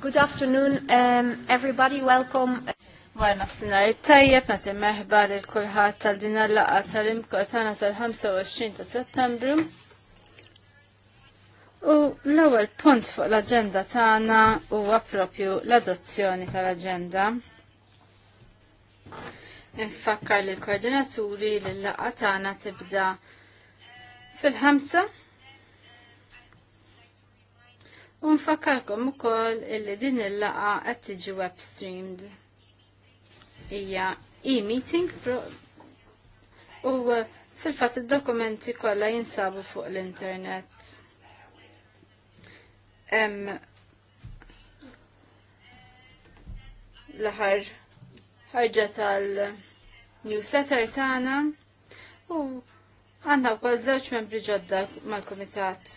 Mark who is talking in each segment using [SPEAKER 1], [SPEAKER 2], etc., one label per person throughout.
[SPEAKER 1] Good afternoon, um, everybody, welcome. Għar nafsinar il-tajjeb, nati meħba l-kulħat tal-dina l-laqqa tal-imkotana tal-25 ta' settembru. U l-ewel punt fuq l-agenda tagħna huwa għapropju l-adozzjoni tal-agenda. Infakkar li l-koordinaturi l-laqqa tagħna tibda fil-ħamsa u koll ukoll illi din il-laqa qed tiġi web streamed. Hija e-meeting u uh, fil-fatt id-dokumenti kollha jinsabu fuq l-internet. Em, l-aħħar ħarġa tal-newsletter tagħna u għandna wkoll żewġ membri ġodda mal-kumitat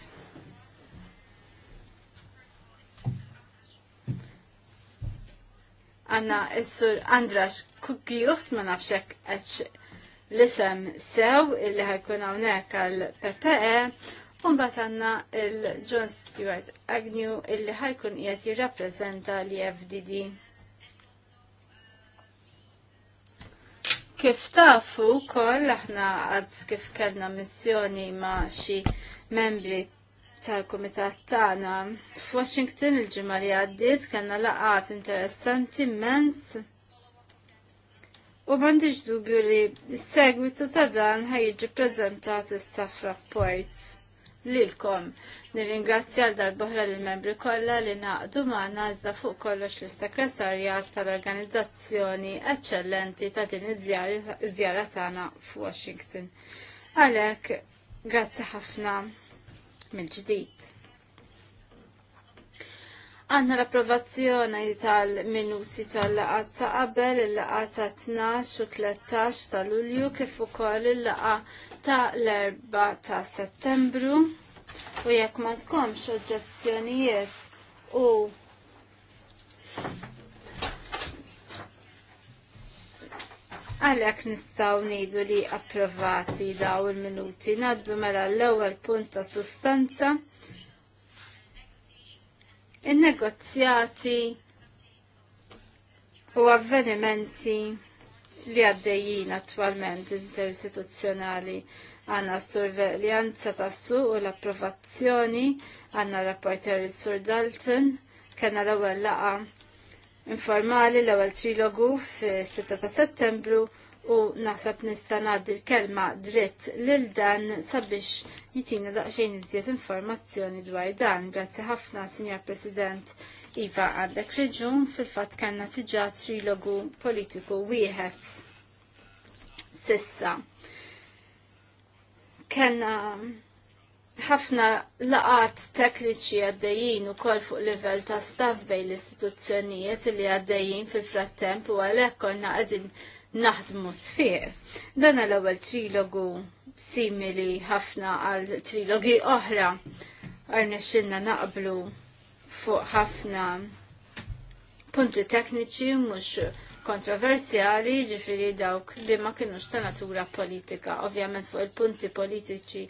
[SPEAKER 1] għanna s-sur Andras Kukki uħt ma nafxek għax l-isem sew illi ħajkun hawnhekk għal PPE u mbagħad għandna il-John Stewart Agnew illi ħajkun qiegħed jirrappreżenta l-FDD. E kif tafu wkoll aħna għadz kif kellna missjoni ma' xi membri tal-Kumitat tagħna. F'Washington il-ġimgħa li għaddiet kellna laqgħat interessanti immens. U m'għandix dubju li s-segwitu ta' dan ħajġi preżentat issa f'rapport lilkom. Nirringrazzja għal darbohra lill membri kollha li naqdu magħna iżda fuq kollox lis sekretarjat tal-organizzazzjoni eċċellenti ta' din iż-żjara tagħna f'Washington. Għalhekk, grazzi ħafna mill-ġdid. Għanna l-approvazzjoni tal-minuti tal-laqat sa qabel il-laqat ta' 12 u 13 ta' Lulju kif ukoll il-laqa ta' l-4 ta' Settembru u jekk ma tkomx oġġezzjonijiet u Għalek nistaw nidu li approvati daw il-minuti naddu mela l-ewwel punt ta' sustanza. Il-negozjati u avvenimenti li għaddejjin attualment interistituzzjonali għanna sorveljanza tassu u l-approvazzjoni għanna rapporter Sur Dalton kena l-ewwel laqa' informali l-ewwel trilogu fis-6 ta' Settembru u naħseb nista' il l-kelma dritt lil dan sabiex jitina daqsxejn iżjed informazzjoni dwar dan. Grazzi ħafna, Sinjor President. Iva għandek reġun fil-fatt kanna tiġa trilogu politiku wieħed. Sissa. Kanna ħafna laqat tekniċi għaddejjin u kol fuq livell ta' staff bej l-istituzzjonijiet li għaddejjin fil-frattemp u għalek konna għadin naħdmu sfir. Dan l ewwel trilogu simili ħafna għal trilogi oħra xinna naqblu fuq ħafna punti tekniċi mux kontroversjali ġifiri dawk li ma kienux ta' natura politika. Ovvjament fuq il-punti politiċi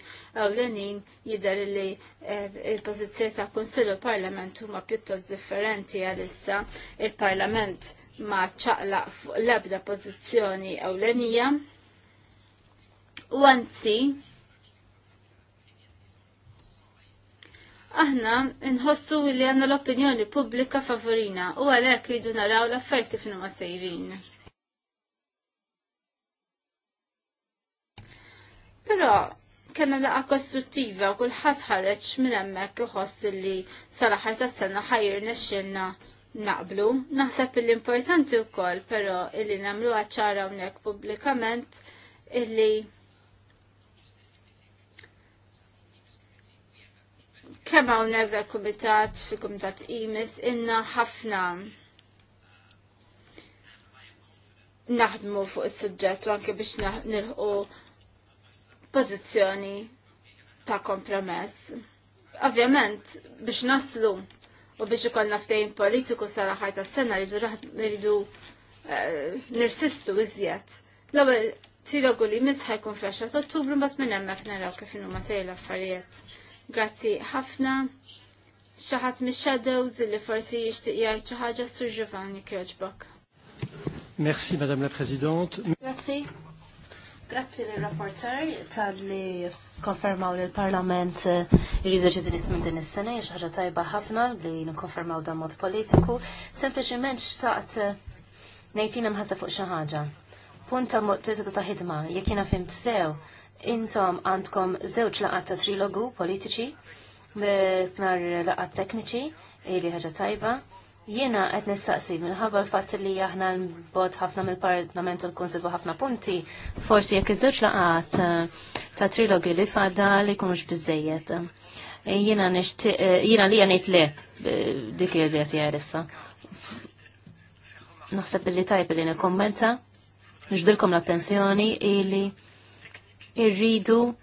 [SPEAKER 1] ewlenin jidher li eh, il-pożizzjoni ta' Kunsill u Parlament huma pjuttost differenti għalissa il-Parlament ma ċaqlaq fuq l-ebda pożizzjoni ewlenija u anzi aħna nħossu li għanna l-opinjoni pubblika favorina u għalhekk jridu naraw l-affarijiet kif huma sejrin. Però kena laqa kostruttiva u kulħadd ħareġ minn hemmhekk iħoss li sal-aħħar tas-sena ħajr nexxilna naqblu. Naħseb l-importanti wkoll però illi nagħmluha ċara hawnhekk pubblikament illi Kemm hawnhekk dal-kumitat fi kumitat Imis inna ħafna naħdmu fuq is-suġġett u anke biex nilħqu pożizzjoni ta' kompromess. Ovvjament biex naslu u biex ikollna ftehim politiku sara ħajta s-sena rridu eh, nirsistu iżjed. L-ewwel trilogu li misħa jkun fl-10 Ottubru mbagħad minn hemmhekk naraw kif inhuma sejr l-affarijiet. Grazzi ħafna. Xaħat mis-shadows li forsi jixtieq jgħid xi ħaġa sur Giovanni Kirchbok.
[SPEAKER 2] Merci, Madame la Présidente.
[SPEAKER 3] Grazie. Grazzi l rapporter tal-li konfermaw li l-Parlament jirriżerċi eh, din din is-sena hija ħaġa tajba ħafna li nikkonfermaw dan mod politiku. Sempliċiment xtaqt eh, ngħidina mħassa fuq xi ħaġa. Punta mod ta' ħidma jekk jiena fim sew Intom għandkom żewġ laqat ta' trilogu politiċi f'nar laqat tekniċi ili ħaġa tajba. Jiena qed nistaqsi minħabba l fat li aħna l-bod ħafna mill-Parlament u l-Kunsil ħafna punti, forsi jekk iż-żewġ laqat eh, ta' trilogi li fadda li kunux bizzejiet. Eh, Jena nixtieq eh, jiena li ngħid le dik il-diet jarissa. Naħseb li tajb li nikkommenta, nġdilkom l-attenzjoni ili irridu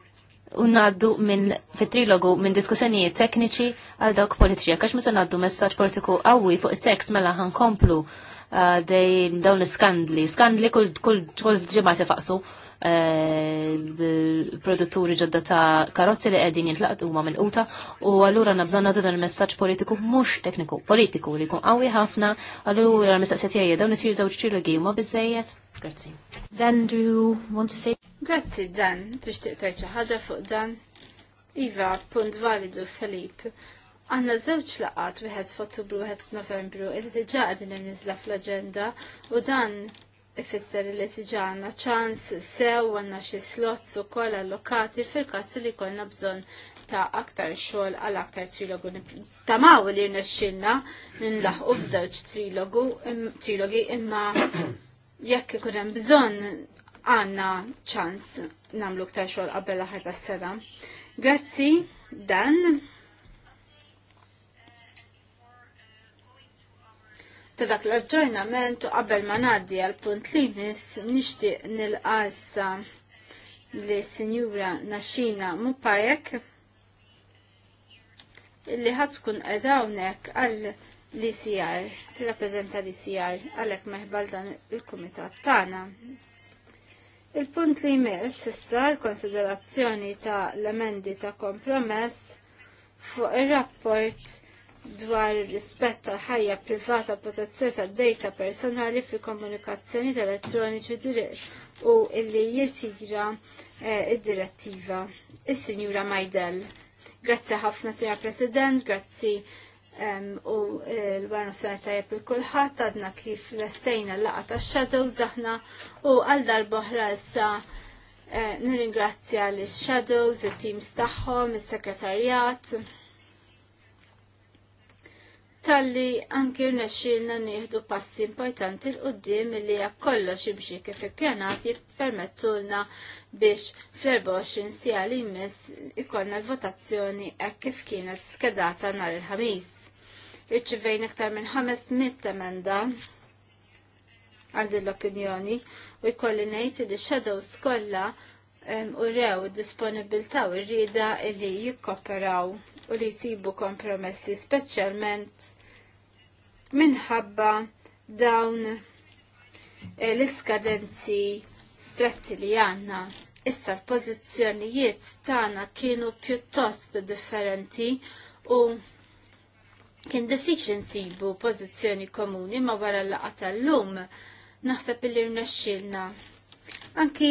[SPEAKER 3] u naddu minn fit-trilogu minn diskussjonijiet tekniċi għal dawk politiċi għax meta naddu messaġġ politiku qawwi fuq it-tekst mela ħankomplu uh, dawn l-skandli, skandli kull ġimgħa faqsu uh, produtturi ġodda ta' karozzi li għedin jintlaqt u minn uta u għallura naddu dan il-messagġ politiku mux tekniku, politiku li kun għawi ħafna għallura l-messaċ jgħja dawn it-tiri zawġ ma bizzejiet. Grazzi.
[SPEAKER 1] Then do you want to say? Grazzi dan, tixtieq tgħid xi ħaġa fuq dan. Iva, punt validu Filip. Għanna żewġ laqat wieħed f'Ottubru wieħed f'Novembru li diġà għadin nizla fl-aġenda u dan ifisser li tiġa għanna ċans sew għanna xi slots u koll allokati fil-każ li kollna bżonn ta' aktar xogħol għal aktar trilogu. ta' Tamaw li rnexxilna nlaħqu f'żewġ trilogu trilogi imma jekk ikun hemm bżonn għanna ċans namlu ktar xogħol qabel aħar tas-sena. Grazzi, Dan. Ta' dak l-aġġornament u qabel ma ngħaddi għal punt li nis nixtieq qasa li sinjura Naxina Mupajek illi ħatkun għedawnek għal l-ICR, t-rapprezenta l-ICR għalek meħbal dan il-komitat tana. Il-punt li jmiss issa l-konsiderazzjoni ta' l-emendi ta' kompromess fuq ir-rapport dwar rispett tal ħajja privata protezzjoni ta' data personali fi komunikazzjoni elettroniċi dirett u illi jirtira eh, id-direttiva. Is-Sinjura Majdel. Grazzi ħafna, Sinjura President, grazzi u eh, l-barnu s-sena tajab il-kulħat għadna kif l estajna l-laqa ta' shadows daħna u għal darboħra nir eh, nirringrazzja l-shadows, il-teams tagħhom, il-sekretarjat tal-li anki rnexxilna nieħdu passi importanti l-qoddim li jekk kollox imxi kif ippjanati jippermettulna biex fl-24 sija li jmiss ikollna l-votazzjoni hekk kif kienet skedata nhar il-ħamis iċċivejn iktar minn 500 emenda għandi l-opinjoni u jkolli ngħid li shadows kollha u rew disponibilità u rrida li jikkoperaw u li jsibu kompromessi speċjalment minħabba dawn eh, l-iskadenzi stretti li għanna. Issa l-pozizjonijiet tagħna kienu pjuttost differenti u Kien diffiċli nsibu pożizzjoni komuni ma wara l laqgħa tal-lum naħseb illi rnexxilna. Anki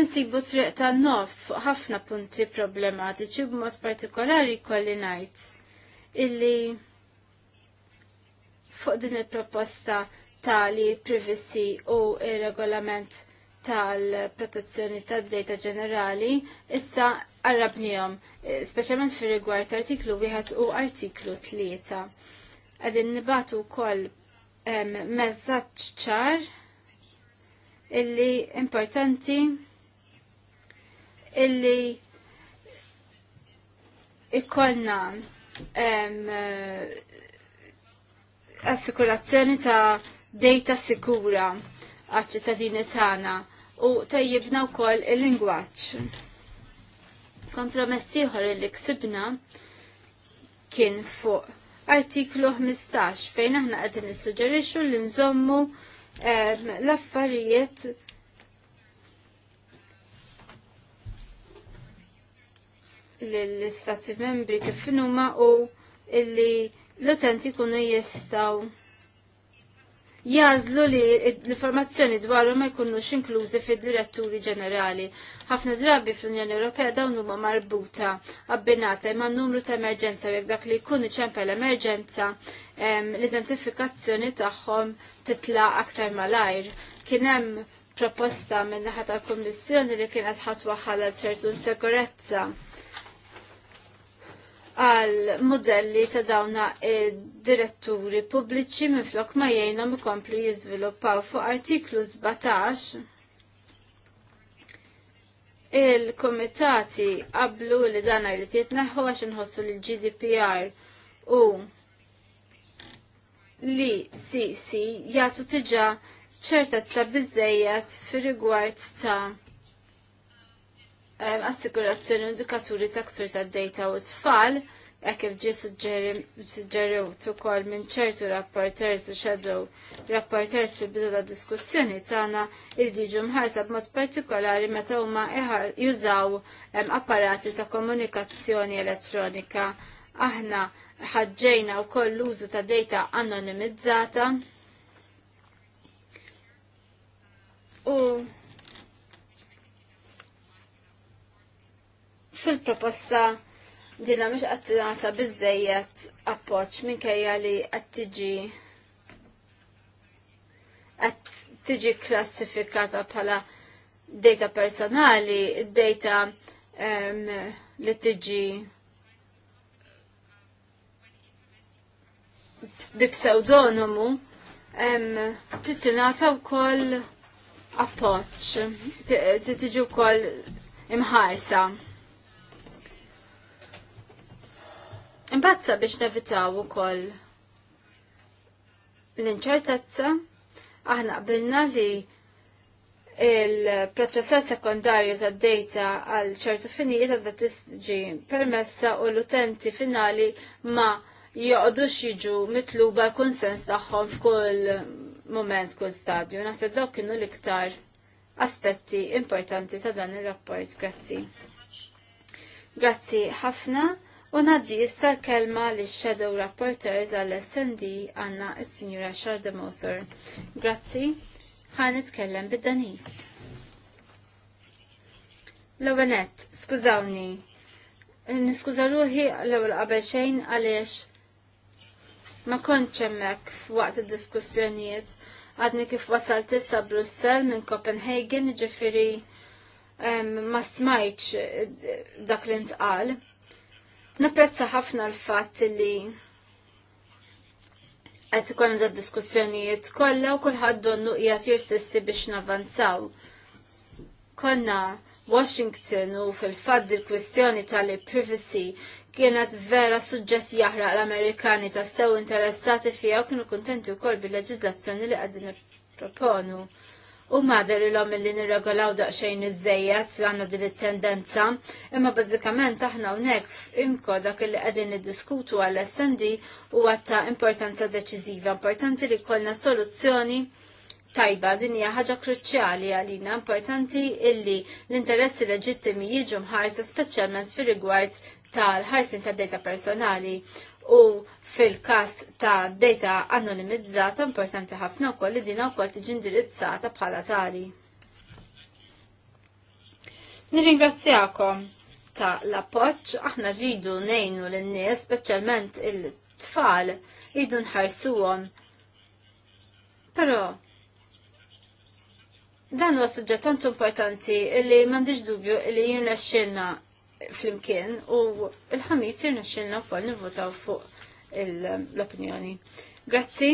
[SPEAKER 1] insibu triq tan-nofs fuq ħafna punti problematiċi b'mod partikolari kolli ngħid illi fuq din il-proposta tali privacy u ir regolament tal-protezzjoni tad-data ġenerali issa għarrabnijom, e, speċjalment fir rigward artiklu wieħed u artiklu tlieta. Għadin nibatu wkoll mezzaġġ ċar illi importanti illi ikkolna e, assikurazzjoni ta' data sikura għal ċittadini tagħna u u wkoll il-lingwaġġ. Kompromess ieħor li ksibna kien fuq artiklu 15 fejn aħna qegħdin nissuġġerixxu li nżommu l-affarijiet l-istati membri kif numa u illi l-utenti kunu jistaw jazlu li l-informazzjoni dwarhom ma jkunux inklużi fid-diretturi ġenerali. Ħafna drabi fl-Unjoni Ewropea dawn huma marbuta abbinata imma numru ta' emerġenza jekk dak li jkun l emerġenza l-identifikazzjoni tagħhom titla' aktar malajr. Kien hemm proposta minn naħa tal-Kummissjoni li kienet ħatwaħħal ċertu insekurezza għal modelli ta' dawna diretturi pubbliċi minflok ma jgħinhom ikomplu jiżviluppaw fuq artiklu 17 il-komitati qablu li dan jrid jitneħħu għax inħossu l GDPR u li CC jagħtu tiġa ta' biżejjed fir-rigward ta' assikurazzjoni indikaturi ta' ksur ta' data u tfal, hekk kif ġie suġġerut ukoll minn ċertu rapporters u shadow rapporters fil-bidu ta' diskussjoni tagħna irdiġu mħarsa b'mod partikolari meta huma jużaw apparati ta' komunikazzjoni elettronika. Aħna ħaġġejna wkoll l-użu ta' data anonimizzata u fil-proposta dinna mhux qed tingħata appoċ appoġġ minkejja li qed tiġi klassifikata bħala data personali, data um, li tiġi bi pseudonomu um, titinata u koll appoċ, tiġi u koll imħarsa. Imbazza biex nevitaw ukoll l-inċertezza aħna qbilna li il-proċessor sekundarju tad data għal ċertu finijiet għadda tiġi permessa u l-utenti finali ma joqdu jiġu mitluba l-konsens tagħhom f'kull moment kull stadju. Naħseb dawk kienu l-iktar aspetti importanti ta' dan ir-rapport. Grazzi. Grazzi ħafna. U naddi issa l-kelma li shadow rapporters għall-SND għanna il-Sinjura Sharda Moser. Grazzi, ħan itkellem bid-Danis. L-għanet, skużawni, niskuża ruħi l-għal qabel xejn għaliex ma kontx hemmhekk f'waqt id-diskussjonijiet għadni kif wasalt issa Brussel minn Copenhagen ġifiri ma smajċ dak li ntqal. Naprezza ħafna l-fatt li għet ikon da diskussjonijiet kolla u kullħad donnu jgħat jirsisti biex navanzaw. Konna Washington u fil-fad il-kwistjoni tal-privacy kienet vera suġġess jahra l-Amerikani ta' sew interessati fija u kienu kontenti u kol bil-leġizlazzjoni li għadin proponu. U mader il-om li nirregolaw daqxajn iż-żejjed għandna din it-tendenza, imma bażikament aħna hawnhekk imko dak li qegħdin niddiskutu għall snd u ta' importanza deċiżiva, importanti li kollna soluzzjoni tajba din hija ħaġa kruċjali għalina importanti illi l-interessi leġittimi jiġu mħarsa speċjalment fir-rigward tal-ħarsin tad data personali u fil-kas ta' data anonimizzata importanti ħafna wkoll li dina wkoll tiġi indirizzata bħala tali. Nirringrazzjakom ta' l-appoċ, aħna rridu nejnu l-nies, specialment il-tfal, rridu nħarsuhom. Pero, dan huwa suġġett importanti li m'għandix dubju li jirnexxilna flimkien u il-ħamis jirna xilna u fol nivvotaw fuq l-opinjoni. Grazzi.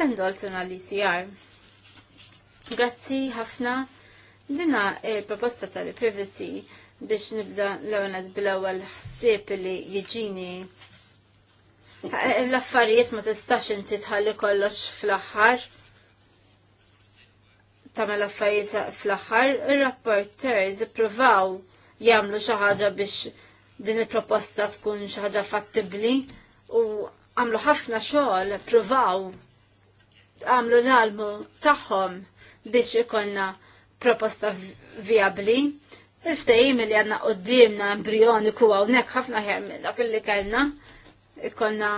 [SPEAKER 1] Dan dolzun għal-ICR. Grazzi ħafna dina il-proposta tal-privacy biex nibda l għonad bil-għal ħsib li jġini l-affarijiet ma tistax inti tħalli kollox fl-axħar tagħmel affarijiet fl-aħħar, ir rapporter zipruvaw jagħmlu xi ħaġa biex din il-proposta tkun xaħġa fattibli fattibbli u għamlu ħafna xogħol, pruvaw għamlu l-almu tagħhom biex ikonna proposta viabli. il ftajim li għanna qoddimna embrioniku għawnek ħafna ħem dak li kellna ikonna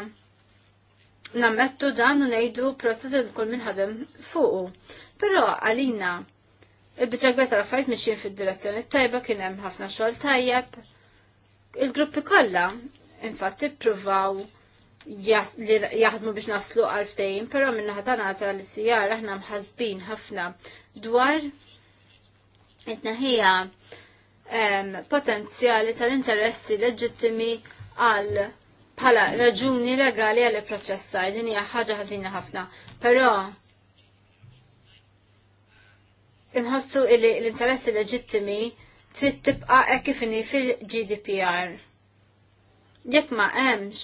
[SPEAKER 1] nammettu dan u nejdu proċess li kull minn ħadem fuqu. Però għalina il-bicċa gbeta la fajt mixjin fid-direzzjoni tajba kien hemm ħafna xogħol tajjeb. Il-gruppi kollha infatti ippruvaw jaħdmu biex naslu għalftejn, pero minna ħatan li l-sijar aħna mħazbin ħafna dwar it-naħija potenzjali tal-interessi leġittimi għal bħala raġuni legali għal proċessar din hija ħaġa ħażina ħafna. Però inħossu li l-interessi leġittimi trid tibqa' hekk inhi fil-GDPR. Jekk ma hemmx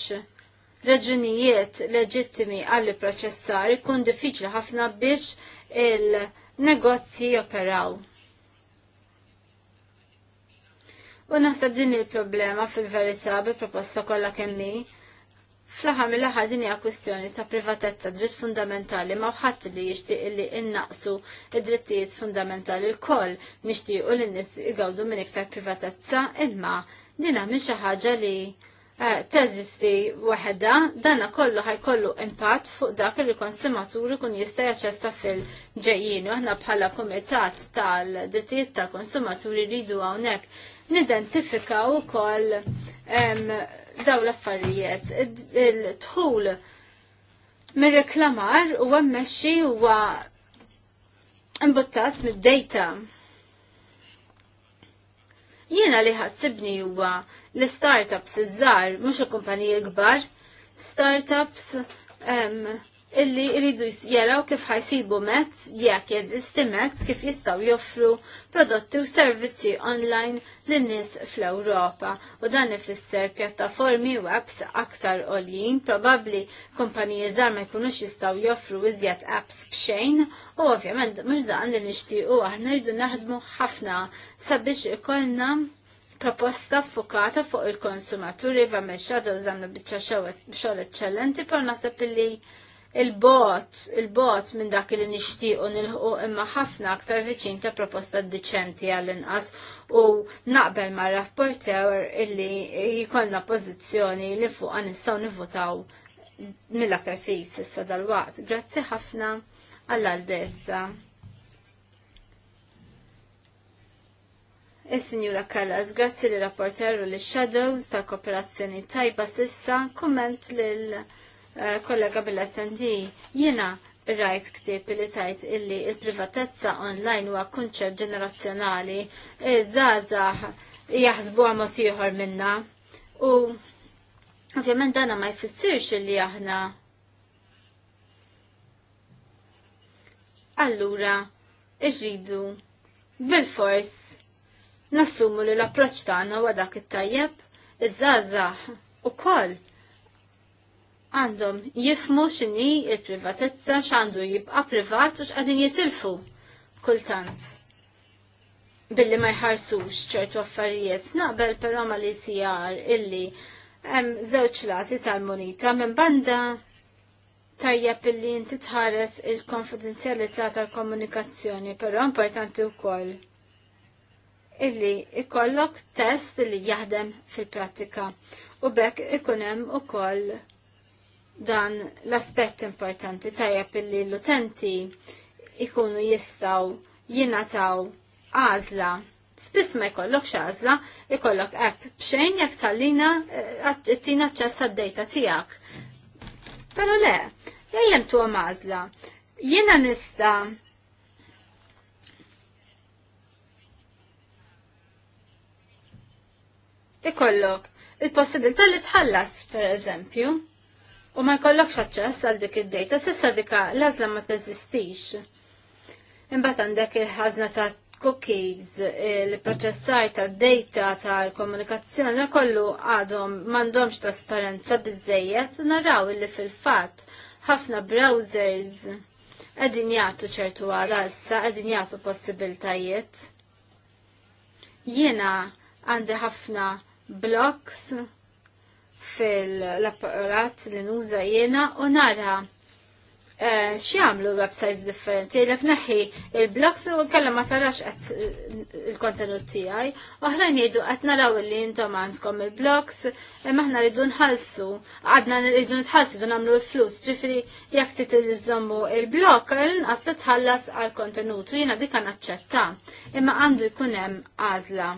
[SPEAKER 1] raġunijiet leġittimi għall proċessar ikun diffiċli ħafna biex il-negozji operaw. U naħseb din il-problema fil-verità bi proposta kollha kemm Flaħa mill-aħħar din hija kwistjoni ta' privatezza dritt fundamentali ma' ħadd li jixtieq li innaqsu id-drittijiet fundamentali l-koll nixtiequ li nies igawdu minn iktar privatezza imma dinha minn xi ħaġa li eh, teżisti waħda, dana kollu ħajkollu impatt fuq dak li konsumaturi kun jista' jaċċessa fil-ġejjin. Aħna bħala kumitat tal-drittijiet tal-konsumaturi rridu hawnhekk nidentifikaw ukoll daw l-affarijiet. Il-tħul mir reklamar u għammexi u imbuttat mid-data. Jiena li ħassibni huwa l-startups iż-żar, mhux il-kumpaniji l-kbar, startups um, illi jridu jaraw kif ħajsibu mezz jekk jeżisti mezz kif jistgħu joffru prodotti u servizzi online lin nies fl-Ewropa u dan ifisser pjattaformi webs aktar għoljin, probabbli kumpaniji żgħar ma jkunux jistgħu joffru iżjed apps b'xejn u ovvjament mhux dan li nixtiequ aħna rridu naħdmu ħafna sabiex ikollna proposta fukata fuq il-konsumaturi va meċċa do zamlu bieċa xogħol eċċellenti, per naħseb li il-bot, il-bot minn dak li nixtiequ nilħu imma ħafna aktar viċin ta' proposta diċenti għall-inqas u naqbel ma' rapporter illi jkollna pożizzjoni li għan nistgħu nivvotaw mill-aktar fis issa dal-waqt. Grazzi ħafna għall-għaldessa. Is-Sinjura Kallas, grazzi li rapporteru li Shadows ta' kooperazzjoni tajba sissa, komment lil Eh, kollega bil-SND, jiena rajt ktib li tajt illi il-privatezza online huwa kunċett ġenerazzjonali, żgħażagħ eh, jaħsbu mod ieħor minna. U ovvjament dana ma jfissirx illi aħna allura irridu bil-fors nassumu li l-approċ tagħna huwa dak it-tajjeb iż-żgħażagħ ukoll għandhom jifmu x'inhi l privatezza x'għandu jibqa' privat u x'qadin jisilfu kultant billi ma jħarsux ċertu affarijiet. Naqbel però ma li sijar illi hemm żewġ lati tal-munita minn banda tajjeb illi inti tħares il-konfidenzjalità tal-komunikazzjoni, però importanti wkoll illi ikollok test li jaħdem fil-prattika u bekk ikun hemm ukoll dan l-aspett importanti tajjeb illi l-utenti ikunu jistaw jinataw għazla. Spiss ma jkollok xazla, jkollok app bxejn jek tallina eh, tina ċessa d dejta tijak. Pero le, jajem tu għazla. Jina nista ikollok il possibilta li tħallas, per eżempju, u ma jkollokx aċċess għal dik id-data, sissa dika l-għażla ma teżistix. Imbagħad għandek il-ħażna ta' cookies, il proċessaj ta' data ta' komunikazzjoni kollu għadhom m'għandhomx trasparenza biżejjed u naraw illi fil-fatt ħafna browsers għedin jgħatu ċertu għala issa għedin jgħatu possibiltajiet. Jiena għandi ħafna blogs fil-apparat li nuża jiena u nara eh, xiamlu websites differenti, l naħi il-blogs u kellha ma tarax għat eh, il-kontenut tijaj, uħrajn jgħidu għat naraw li jintom għandkom il-blogs, maħna rridu nħalsu, għadna rridu nħalsu rridu nagħmlu l-flus, ġifri jek titilizzomu il-blog, l-nqas tħallas għal-kontenut u jina dikan naċċetta, imma għandu jkunem għazla.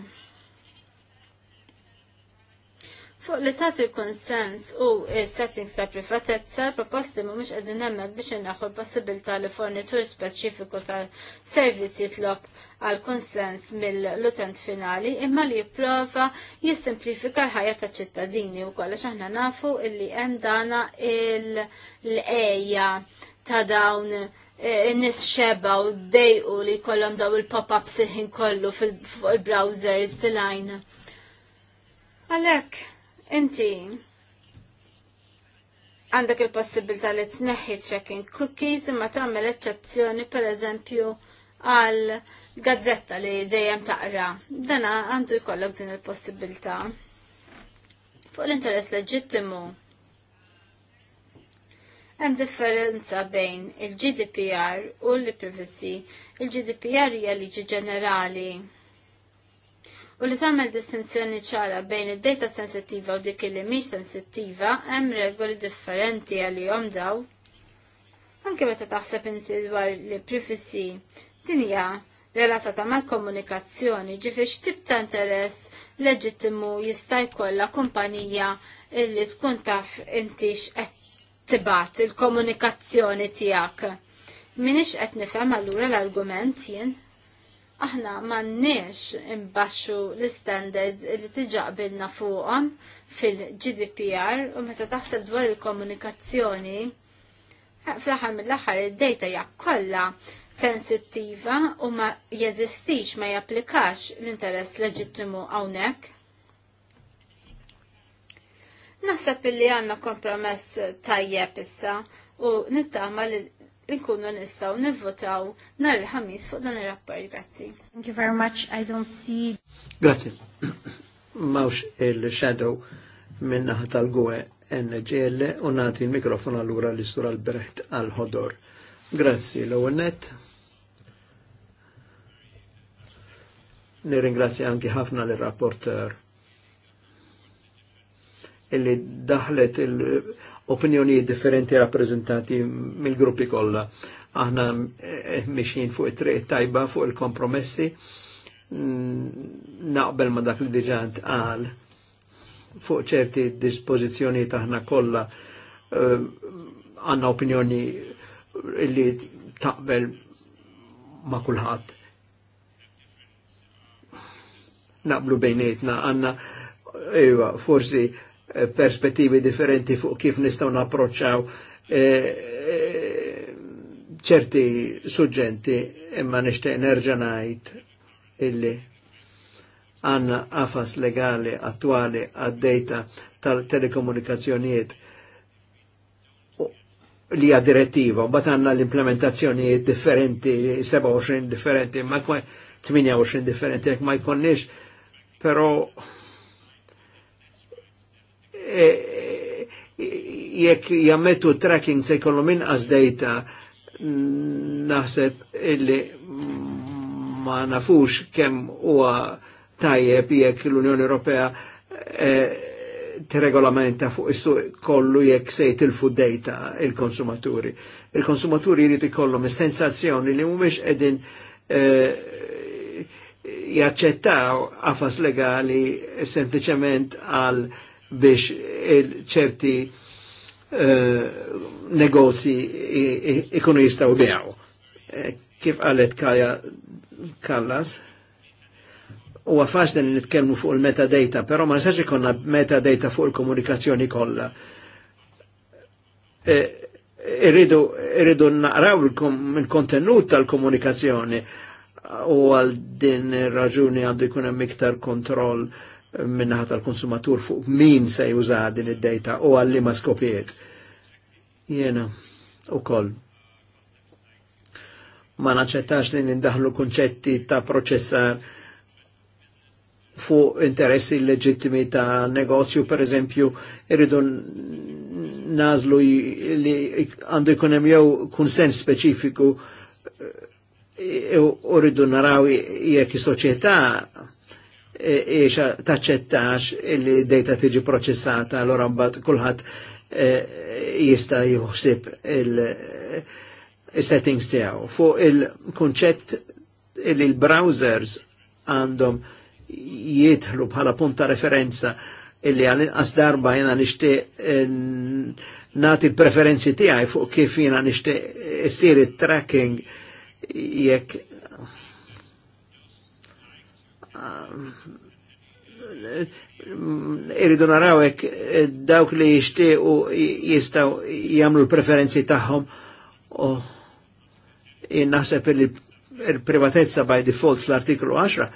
[SPEAKER 1] Fuq li tati konsens u settings ta' privatezza, proposti mhumiex qegħdin hemmhekk biex innaħħu l-possibilità li fornitur speċifiku ta' servizz jitlob għal konsens mill-utent finali imma li jipprova jissimplifika l-ħajja ta' ċittadini u kolla xaħna nafu illi hemm dana l-eja ta' dawn e, nis xeba u dejqu li kollom daw il-pop-ups il-ħin kollu fil-browsers tilajn. Għalek, Inti għandek il-possibilità li tneħħi tracking cookies imma tagħmel eċċezzjoni pereżempju għal gazzetta li dejjem taqra. Dana għandu jkollok din il-possibilità. Fuq l-interess leġittimu. Hemm differenza bejn il-GDPR u l-privacy. Il-GDPR hija liġi ġenerali u li tagħmel distinzjoni ċara bejn id-data sensittiva u dik li mhix sensittiva hemm regoli differenti għalihom daw. Anke meta taħseb inti dwar li privacy din hija relatata mal komunikazzjoni ġifi x'tib ta' interess leġittimu jista' jkollha kumpanija li tkun taf inti x'qed tibat il-komunikazzjoni tiegħek. Minix qed nifhem allura l-argument jien aħna m'għandniex imbaxxu l-standard li diġà qbilna fuqhom fil-GDPR u meta taħseb dwar il-komunikazzjoni fl-aħħar mill-aħħar id-data hija kollha sensittiva u ma jeżistix ma japplikax l-interess leġittimu hawnhekk. Naħseb illi għandna kompromess tajjeb issa u nittama li nkunu nistaw nivvotaw nhar il-ħamis fuq dan ir-rapport. Grazzi.
[SPEAKER 3] Thank you very much. I don't see.
[SPEAKER 2] Grazzi. Mawx il-shadow minna tal-gwe NGL u e nagħti l-mikrofon allura li sur Albrecht għal-ħodor. Grazzi l net. Nirringrazzja anki ħafna l-rapporter illi daħlet il- opinjoni differenti rappresentati mill-gruppi kollha. Aħna eh, mixin fuq it-triq tajba fuq il-kompromessi mm, naqbel ma dak li diġà qal fuq ċerti dispożizzjoni taħna kollha eh, għandna opinjoni li taqbel ma' kulħadd. Naqblu bejnietna għandna Iva, forsi Eh, perspettivi differenti fuq kif nistgħu napproċċaw eh, eh, ċerti suġġenti imma nixtieq nerġa' ngħid illi għanna qafas legali attuali għaddejta data tal-telekomunikazzjonijiet li hija direttiva, bat għandna l-implementazzjonijiet differenti, 27 differenti, ma 28 differenti, ma jkollniex. però E, e, jekk jammetu tracking se jkollu minn data naħseb illi ma nafux kemm huwa tajjeb jekk l-Unjoni Ewropea e, t-regolamenta fuq is-suq kollu jekk se jtilfu data il-konsumaturi. Il-konsumaturi jrid ikollhom is-sensazzjoni li mhumiex qegħdin jaċċettaw għafas legali sempliċement għal biex ċerti eh, negozi ikunu jistaw bijaw. Eh, kif għalet Kaja Kallas, u għafax li nitkelmu fuq il-metadata, pero ma nsax konna metadata fuq il-komunikazzjoni kolla. Eh, irridu e, naqraw il-kontenut tal-komunikazzjoni u għal din raġuni għandu jkun hemm iktar kontroll minnaħat tal-konsumatur fuq min se juża din id-data u għalli ma skopiet. Jena, u koll. Ma naċċettax li nindaħlu konċetti ta' proċessar fuq interessi leġittimi ta' negozju, per eżempju, irridu nazlu li għandu jkunem jew kunsens speċifiku e- e- u rridu naraw jekk is-soċjetà iexa taċċettax illi data tiġi proċessata, l mbagħad kulħadd eh, jista' juħsib il-settings eh, tiegħu. Fuq il-kunċett illi l-browsers għandhom jidħlu bħala punta referenza illi għal-inqas darba jena nixtieq eh, nati l-preferenzi tiegħi fuq kif jiena nixtieq issir it-tracking jekk irridu narawek eh, dawk li jishtiqu jistaw jamlu l-preferenzi tagħhom u naħseb il-privatezza by default fl-artiklu 10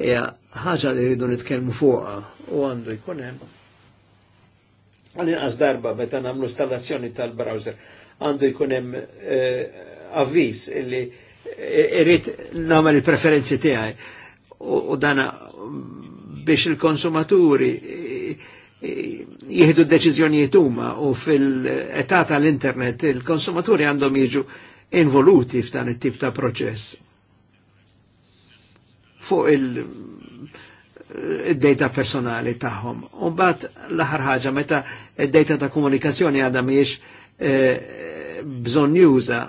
[SPEAKER 2] hija ħaġa li rridu nitkellmu fuqha u għandu jkun hemm. għal darba meta nagħmlu installazzjoni tal-browser għandu jkun hemm eh, avviż illi eh, irrid nagħmel il-preferenzi tiegħi u dana biex il-konsumaturi jihdu d-deċizjonijiet huma u fil-età tal-internet il-konsumaturi għandhom jiġu involuti f'dan it-tip ta' proċess. Fuq il- id-data personali tagħhom. U mbagħad l-aħħar ħaġa meta id-data ta' komunikazzjoni għadha mhijiex eh, bżonn juża,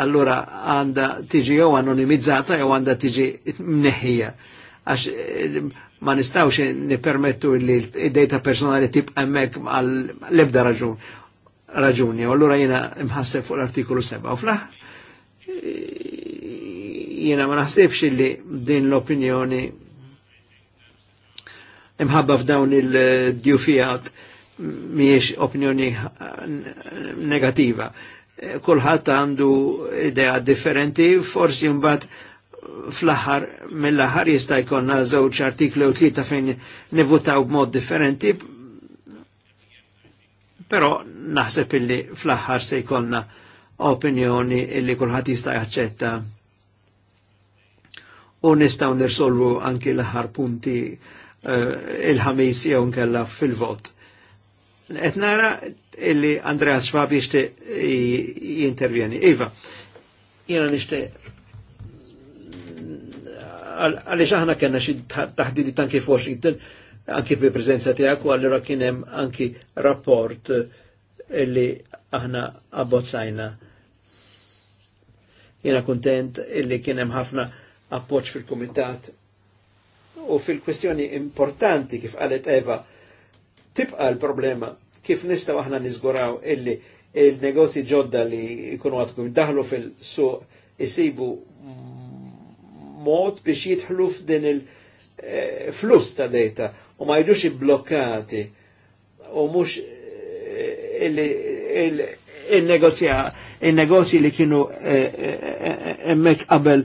[SPEAKER 2] allura għandha tiġi jew anonimizzata jew għandha tiġi mneħħija għax eh, ma nistawx nipermettu li id-data personali tibqa' hemmhekk għal ebda raġun raġuni, u allura jiena imħasseb fuq l-artikolu 7. U fl eh, jena jiena ma naħsibx li din l-opinjoni imħabba f'dawn il-djufijat miex opinjoni negativa. Eh, kulħadd għandu idea differenti, forsi mbagħad fl-aħħar mill ħar jista' jkollna żewġ artikli u tlieta fejn nivutaw b'mod differenti, però naħseb illi fl-aħħar se jkollna opinjoni illi kulħadd jista' jaċċetta u nistgħu nirsolvu anki l-aħħar punti eh, il-ħamis jew nkella fil-vot. Et nara illi Andreas Schwab jishti jintervjeni. Iva, jena nishti għaliex aħna kellna xi taħdidi tanki f'Washington anki bi preżenza tiegħek u allura kien hemm anki rapport illi eh, aħna abbozzajna. Jiena kuntent illi kien hemm ħafna appoġġ fil-kumitat u fil-kwestjoni importanti kif qalet Eva tibqa l-problema kif nistaw aħna nizguraw illi il-negozji ġodda li jkunu għadkom daħlu fil-suq isibu mod biex jitħlu f'din il-flus eh, ta' data u ma i blokkati u mux eh, il-negozji li kienu eh, emmek qabel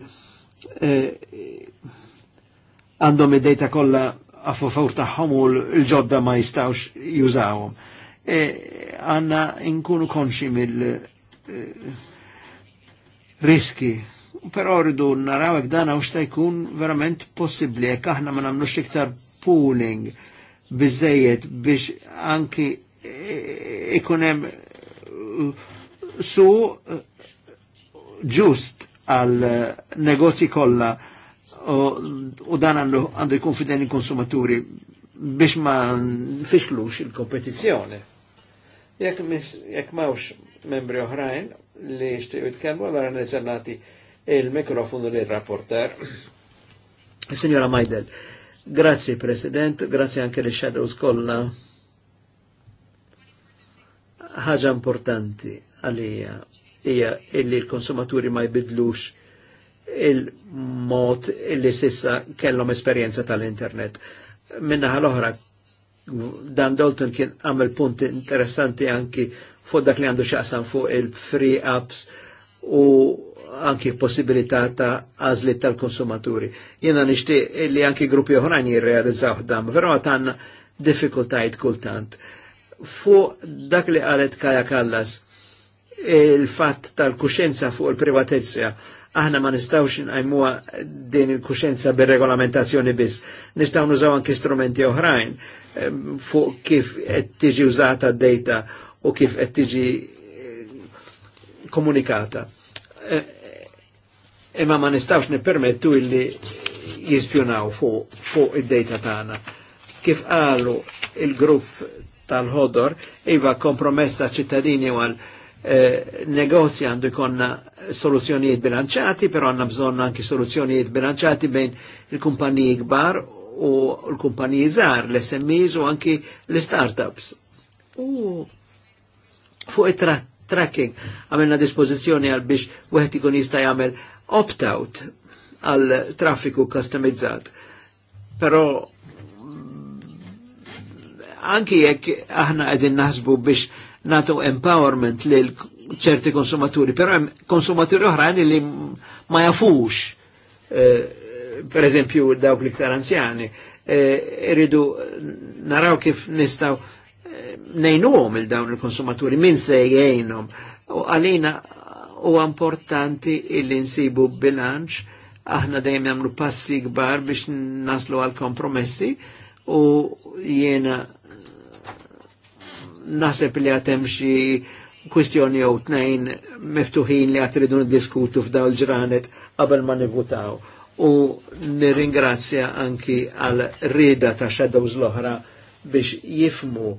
[SPEAKER 2] għandhom id-data kollha għafu fawr taħħom u l-ġodda ma jistawx jużawhom. Għanna inkunu konxi mill riski però rridu naraw jekk dan hawnx se jkun verament possibli, jekk aħna ma nagħmlux iktar pooling biżejjed biex anki ikunem uh, su uh, ġust għal uh, negozji kollha u dan għandu jkun fidejn il-konsumaturi biex ma nfixklux il-kompetizzjoni. Jekk mawx membri oħrajn li jishtiqu jitkellmu għal nagħti il-mikrofonu li rapporter Signora Majdel, grazie President, grazie anche li Shadows kollha. Ħaġa importanti għalija hija illi l-konsumaturi ma jbidlux il-mod illi sissa kellhom esperjenza tal-internet. Minnaħa l-oħra, Dan Dalton kien għamel punt interessanti anki fuq dak li għandu xaqsan fuq il-free apps u anki possibilità ta' għazlit tal-konsumaturi. Jena nishti li anki gruppi oħrajn jirrealizzaw dam, però għatan diffikultajt kultant. Fu dak li għalet Kaja Kallas, il-fat tal-kuxenza fuq il-privatezza, aħna ma nistawx għajmua din il-kuxenza bir-regolamentazzjoni biss. Nistgħu nużaw anki strumenti oħrajn ehm, fuq kif qed tiġi użata d-data u kif qed tiġi eh, komunikata. Eh, imma ma nistawx nipermettu illi jispjunaw fuq fu id-dejta tagħna. Kif qalu il-grupp tal-ħodor, iva kompromessa ċittadini għal eh, negozji għandu jkonna soluzzjonijiet bilanċati, però għanna bżonna anki soluzzjonijiet bilanċati bejn il-kumpaniji kbar u l-kumpaniji żgħar, l-SMEs u anki l-startups. U fuq it-tracking għamilna dispożizzjoni għal biex wieħed ikun jista' jagħmel opt-out għal traffiku kastamizzat. Pero anki jekk aħna għedin naħsbu biex natu empowerment lil ċerti konsumaturi, pero hemm konsumaturi oħrajn li ma jafux, eh, per eżempju dawk li ktar anzjani, eh, irridu naraw kif nistaw eh, il-dawn il-konsumaturi, minn se jgħinhom. U għalina u importanti illi nsibu bilanċ, aħna dejjem jagħmlu passi kbar biex naslu għal kompromessi u jiena eh, naħseb li għatem xi kwistjoni jew tnejn miftuħin li għatridu diskutu f'daw l ġranet qabel ma nivutaw. U nirringrazzja anki għal rida ta' shadows l-oħra biex jifmu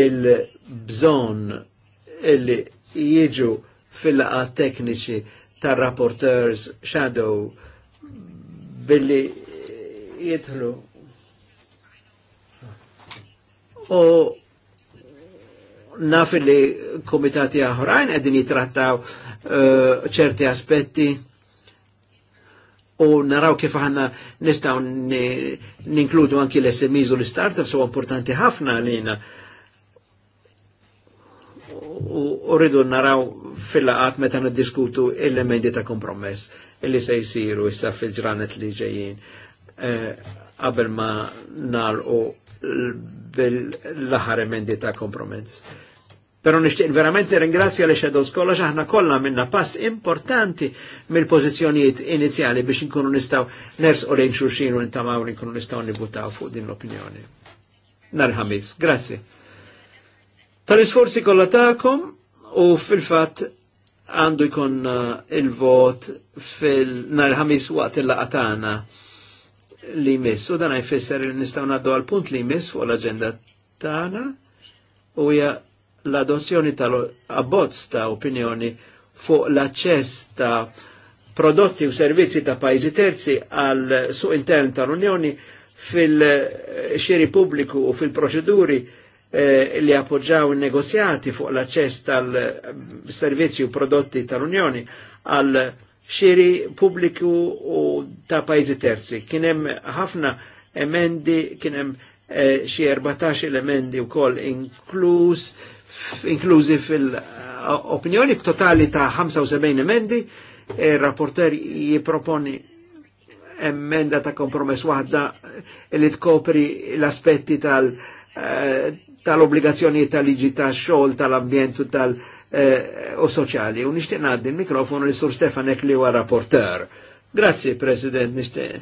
[SPEAKER 2] il-bżon illi jieġu fil-laqa tekniċi tar rapporteurs shadow billi jitħlu. u naf li komitati aħrajn għedin jitrattaw eh, ċerti aspetti u naraw kif ħanna nistaw ninkludu anki l-SMEs u l-startups u importanti ħafna għalina u rridu naraw fil-laqat meta niddiskutu il emendi ta' kompromess illi se jisiru issa fil-ġranet li ġejjin eh, qabel ma nalqu bil-laħar emendi ta' kompromess. Pero nishtiq verament ringrazzja li Shadows kollha aħna kollha minna pass importanti mill-pożizzjonijiet inizjali biex nkunu nistgħu ners u lejn xulxin u ntamaw nkunu nistgħu nibutaw fuq din l-opinjoni. Nar ħamis, grazzi tal-isforzi kolla ta'kom u fil-fatt għandu jkun uh, il-vot fil-nar ħamis waqt il-laqatana li jmiss. U dan jfisser li nistaw naddu għal-punt li jmiss fuq l-agenda tagħna u hija l-adozzjoni tal-abbozz ta' opinjoni fuq l-aċċess ta' prodotti u servizzi ta' pajzi terzi għal suq intern tal-Unjoni fil-xiri pubbliku u fil-proċeduri fil proċeduri Eh, li appoġġaw il-negozjati fuq l-aċċess tal-servizzi u prodotti tal-Unjoni għal xiri pubbliku u ta' pajzi terzi. Kienem ħafna emendi, kienem hemm eh, xie 14 l-emendi u koll inklużi fil-opinjoni totali ta' 75 emendi, il-rapporter jiproponi emenda ta' kompromess waħda li tkopri l-aspetti tal- eh, tal-obbligazzjoni tal-liġi tal xogħol tal-ambjent u tal- eh, u soċjali. U nixtieq ngħaddi l-mikrofonu li sur Stefanek li huwa rapporter. Grazzi, President, nixtieq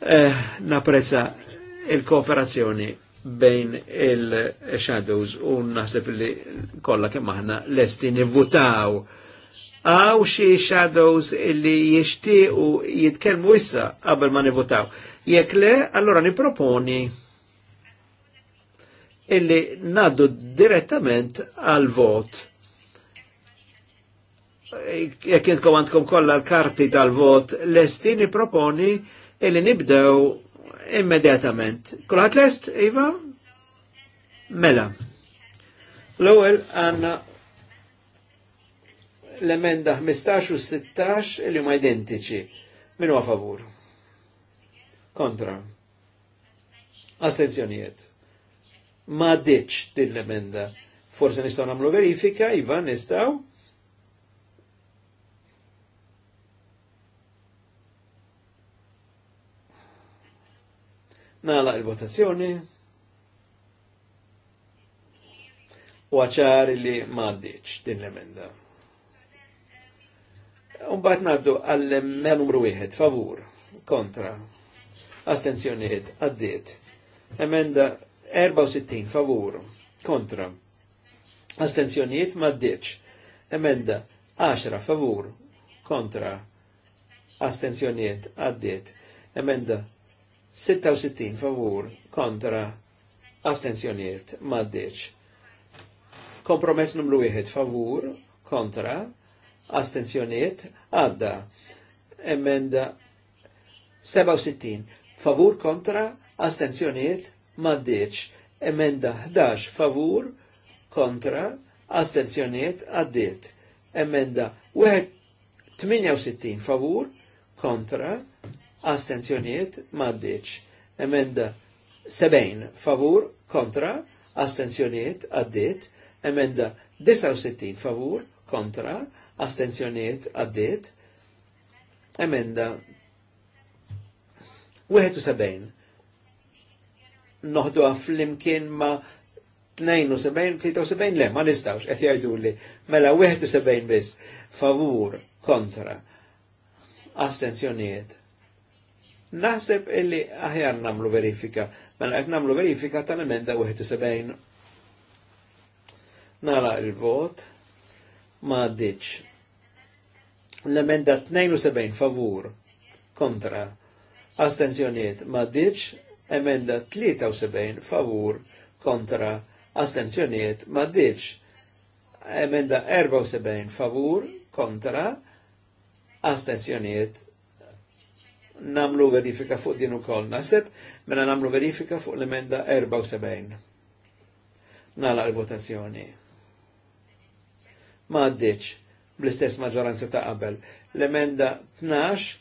[SPEAKER 2] eh, Naprezza il-kooperazzjoni bejn il-shadows u nasib li kollha kemm aħna lesti nivvutaw. Għaw xie shadows li jishtiqu jitkelmu issa qabel ma nivvutaw. Jekk le, allora niproponi illi naddu direttament għal vot. Jekk intkom għandkom kollha l-karti tal-vot, l-estini proponi illi nibdew immedjatament. Kulħadd lest, Iva? Mela. L-ewwel għandna l-emenda 15 u 16 illi huma identiċi. Min huwa favur? Kontra. Astenzjonijiet ma deċ din l-emenda. Forse nistaw namlu verifika, Iva, nistaw. Nala il-votazzjoni. U għacħar li ma deċ din l-emenda. Umbat naddu għall-emenda numru 1, favur, kontra, astenzjoniet, għaddit. Emenda 64 favur kontra Astenzjoniet ma ddiċ. Emenda 10 favur kontra Astenzjoniet għaddiet. Emenda 66 favur kontra Astenzjoniet ma ddiċ. Kompromess numru 1 favur kontra Astenzjoniet għadda. Emenda 67 favur kontra Astenzjoniet maddeċ. Emenda 11 favur kontra astenzjoniet għaddiet. Emenda 68 favur kontra astenzjoniet maddeċ. Emenda 70 favur kontra astenzjoniet għaddiet. Emenda 69 favur kontra astenzjoniet għaddiet. Emenda 71 noħdu fl-imkien ma 72, 73 le, ma nistawx, għet jajdu li, mela 71 bis, favur, kontra, astenzjoniet. Naħseb illi aħjar namlu verifika, mela għet namlu verifika tal-emenda 71. Nara il-vot, ma ditx. L-emenda 72 favur, kontra, astenzjoniet, ma ditx, Emenda 73 favur kontra astenzjoniet ma ddiċ. Emenda 74 favur kontra astenzjoniet namlu verifika fuq din ukoll. Naseb mela namlu verifika fuq l-emenda 74. Nala il votazzjoni Ma għaddiċ bl-istess maġġoranza ta' qabel. L-emenda 12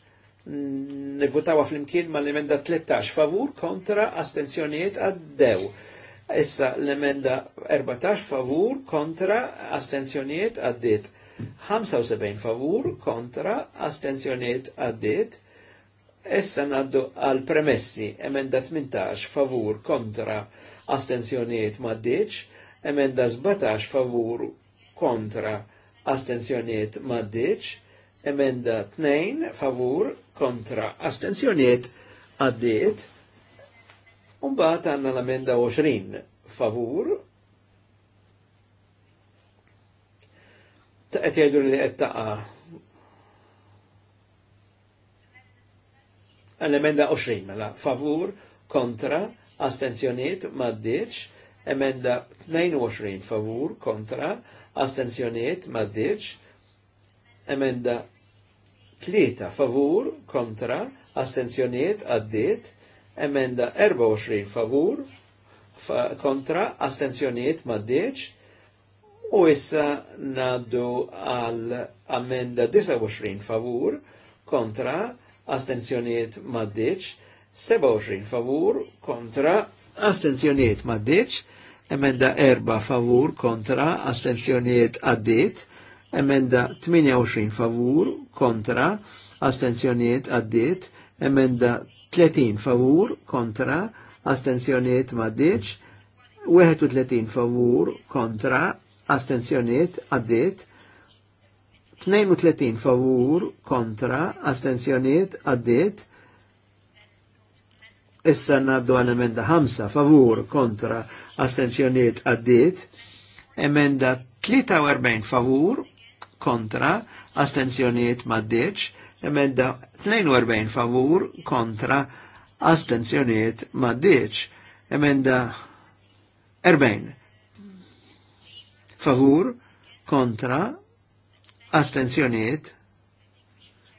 [SPEAKER 2] nivvutawa fl-imkien ma l-emenda 13 favur kontra astenzjoniet għaddew. Issa l-emenda 14 favur kontra astenzjoniet għaddit. 75 favur kontra astenzjoniet għaddit. Issa naddu għal premessi emenda 18 favur kontra astenzjoniet maddiċ, emenda 17 favur kontra astenzjoniet maddiċ, Emenda 2 favur kontra astenzjoniet għaddiet. Umbat għanna l-emenda 20 favur. Ta' għet jgħidu li għet ta' l-emenda 20 mela favur kontra astenzjoniet maddiċ, emenda 22 favur kontra astenzjoniet maddiċ, emenda Tlieta favur kontra astenzjoniet għaddiet, emenda 24 favur fa kontra astenzjoniet maddiċ, u issa naddu għal amenda 29 favur kontra astenzjoniet maddiċ, 27 favur kontra astenzjoniet maddiċ, emenda 4 favur kontra astenzjoniet għaddiet, emenda 28 favur kontra, astenzjoniet għaddit, emenda 30 favur kontra, astenzjoniet maddiċ, 31 favur kontra, astenzjoniet għaddit, 32 favur kontra, astenzjoniet għaddit, issa naddu għal emenda 5 favur kontra, astenzjoniet għaddit, emenda 43 favur kontra, astenzjoniet maddeċ, emenda 42 favur kontra astenzjoniet maddeċ, emenda 40 favur kontra astenzjoniet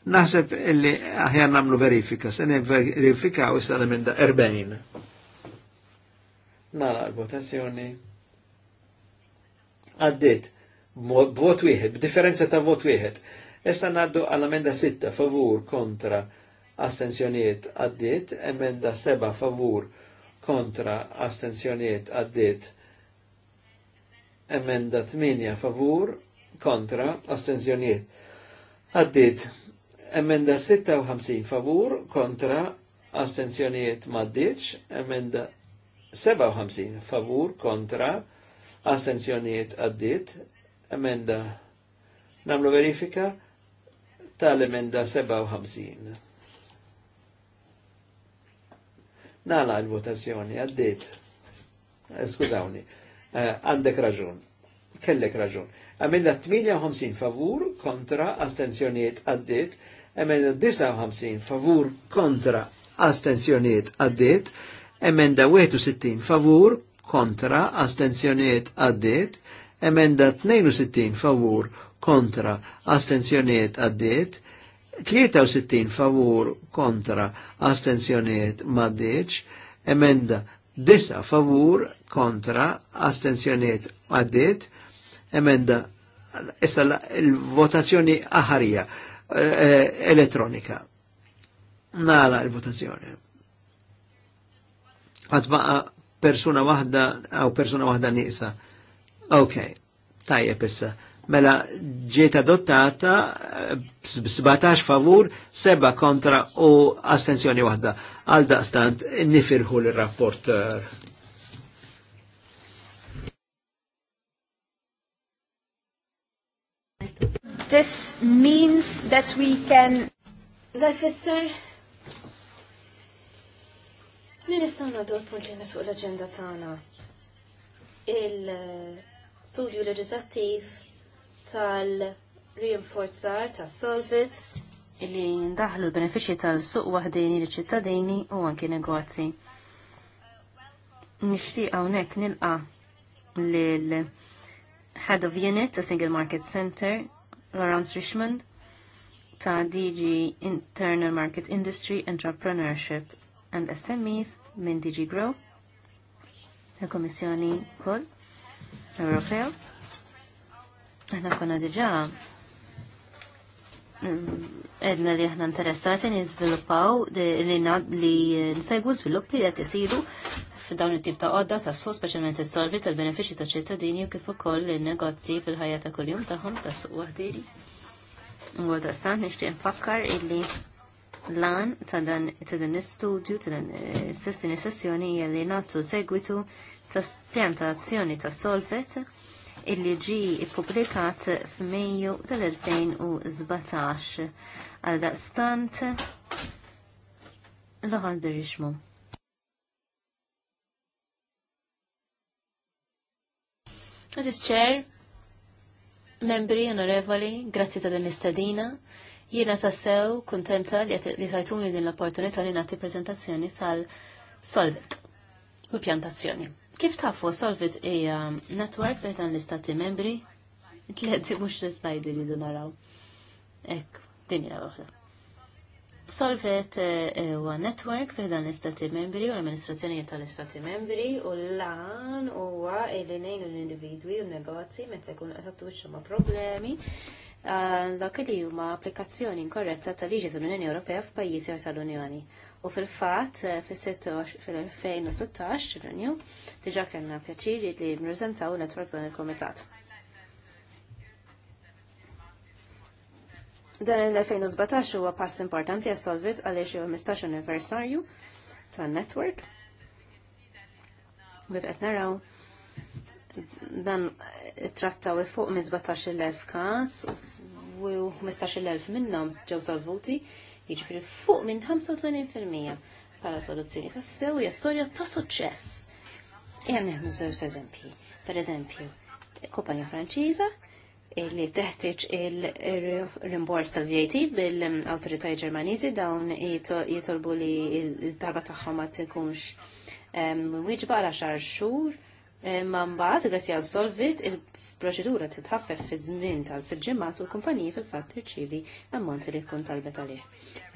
[SPEAKER 2] Naħseb illi aħjar namlu verifika, se verifika u issa l-emenda 40. Nara l-votazzjoni. Għaddit b'vot wieħed, b'differenza ta' vot wieħed. Issa ngħaddu għall emenda 6 favur kontra astenzjonijiet għaddiet, emenda 7 favur kontra astenzjonijiet għaddiet, emenda 8 favur kontra astenzjonijiet għaddiet, emenda 56 favur kontra astenzjonijiet maddiċ, emenda 57 favur kontra astenzjonijiet għaddiet, emenda. Namlu verifika tal-emenda 57. Nala l-votazzjoni, għaddit. Eh, skużawni, eh, għandek raġun. Kellek raġun. Emenda 58 favur kontra astenzjoniet għaddit. Emenda 59 favur kontra astenzjoniet għaddit. Emenda 61 favur kontra astenzjoniet għaddit Emenda 62 favur kontra astenzjoniet għaddiet. 63 favur kontra astenzjoniet maddiċ. Emenda 10 favur kontra astenzjoniet għaddiet. Emenda issa il-votazzjoni aħarija eh, eh, elettronika. Nala il-votazzjoni. Għatbaqa persuna wahda, għaw persuna wahda nisa Ok, tajja issa. Mela ġiet adottata 17 eh, favur, seba' kontra u astenzjoni waħda. Għal daqstant nifirħu l-rapporter.
[SPEAKER 3] This means that we can... Life fisser sir. Li punt li l-agenda tana. il studju leġislattiv tal-reinforzar tas-solvits illi ndaħlu l-benefiċi tal-suq waħdini li ċittadini u anki negozji. Nishtiq hawnhekk nilqa lil Head of Unit ta' Single Market Center, Lawrence Richmond, ta' DG Internal Market Industry Entrepreneurship and SMEs minn DG Grow, ta' Komissjoni Koll, Ewropew. Aħna konna diġa mm, edna li aħna interessati nizviluppaw li li nsegwu sviluppi li jisiru f'dawn it-tip ta' għodda ta' suq speċjalment is-solvi tal-benefiċċji ta' ċittadini u kif ukoll in-negozji fil-ħajja ta' kuljum tagħhom ta' suq waħdieri. U da stant nixtieq nfakkar illi lan ta' dan ta' dan l-istudju ta' dan eh, sessjoni sessjoni hija li nagħtu segwitu tas-pjantazzjoni ta' solvet illi ġi ippubblikat f'Mejju tal-2017 għal daqstant l-ħar Għadis ċer, membri onorevoli, grazzi ta' din istadina. Jiena tassew kuntenta li tajtuni din l-opportunità li nagħti prezentazzjoni tal-solvet u pjantazzjoni. Kif tafu Solvit hija network fejt dan l-istati membri? Tletti mhux l-slajdi li naraw. Ek, dinja waħda. Solvet eh, huwa network fi dan l-istati membri u l-amministrazzjoni tal-istati membri u l-lan huwa li ngħinu l-individwi u negozji meta jkun qed ma' problemi eh, dak li huma applikazzjoni inkorretta tal-liġi tal-Unjoni Ewropea f'pajjiżi tal-Unjoni. U fil-fat, eh, fil-2016, ġenju, diġa kena pjaċiri li nrezentaw network dan il-komitat. Dan il-2017 huwa pass importanti għas-solvit għaliex huwa 15 anniversarju ta' network Bif qed naraw dan trattaw fuq minn 17,000 każ u 15,000 minnhom ġew solvuti jiġifieri fuq minn 85% bħala soluzzjoni ta' sew hija storja ta' suċċess. Ejja neħnu żewġ eżempji. Pereżempju, kumpanija Franċiża li teħtieġ il-rimbors tal-VAT bil-autoritajiet Ġermaniżi dawn jitolbu li l-darba tagħhom ma tkunx ehm, wieġba għal xar xhur ehm, ma mbagħad grazzi għal solvit proċedura titħaffef fi żmien tal siġġimat u l-kumpaniji fil-fatt tirċivi ammonti li tkun talbet għalih.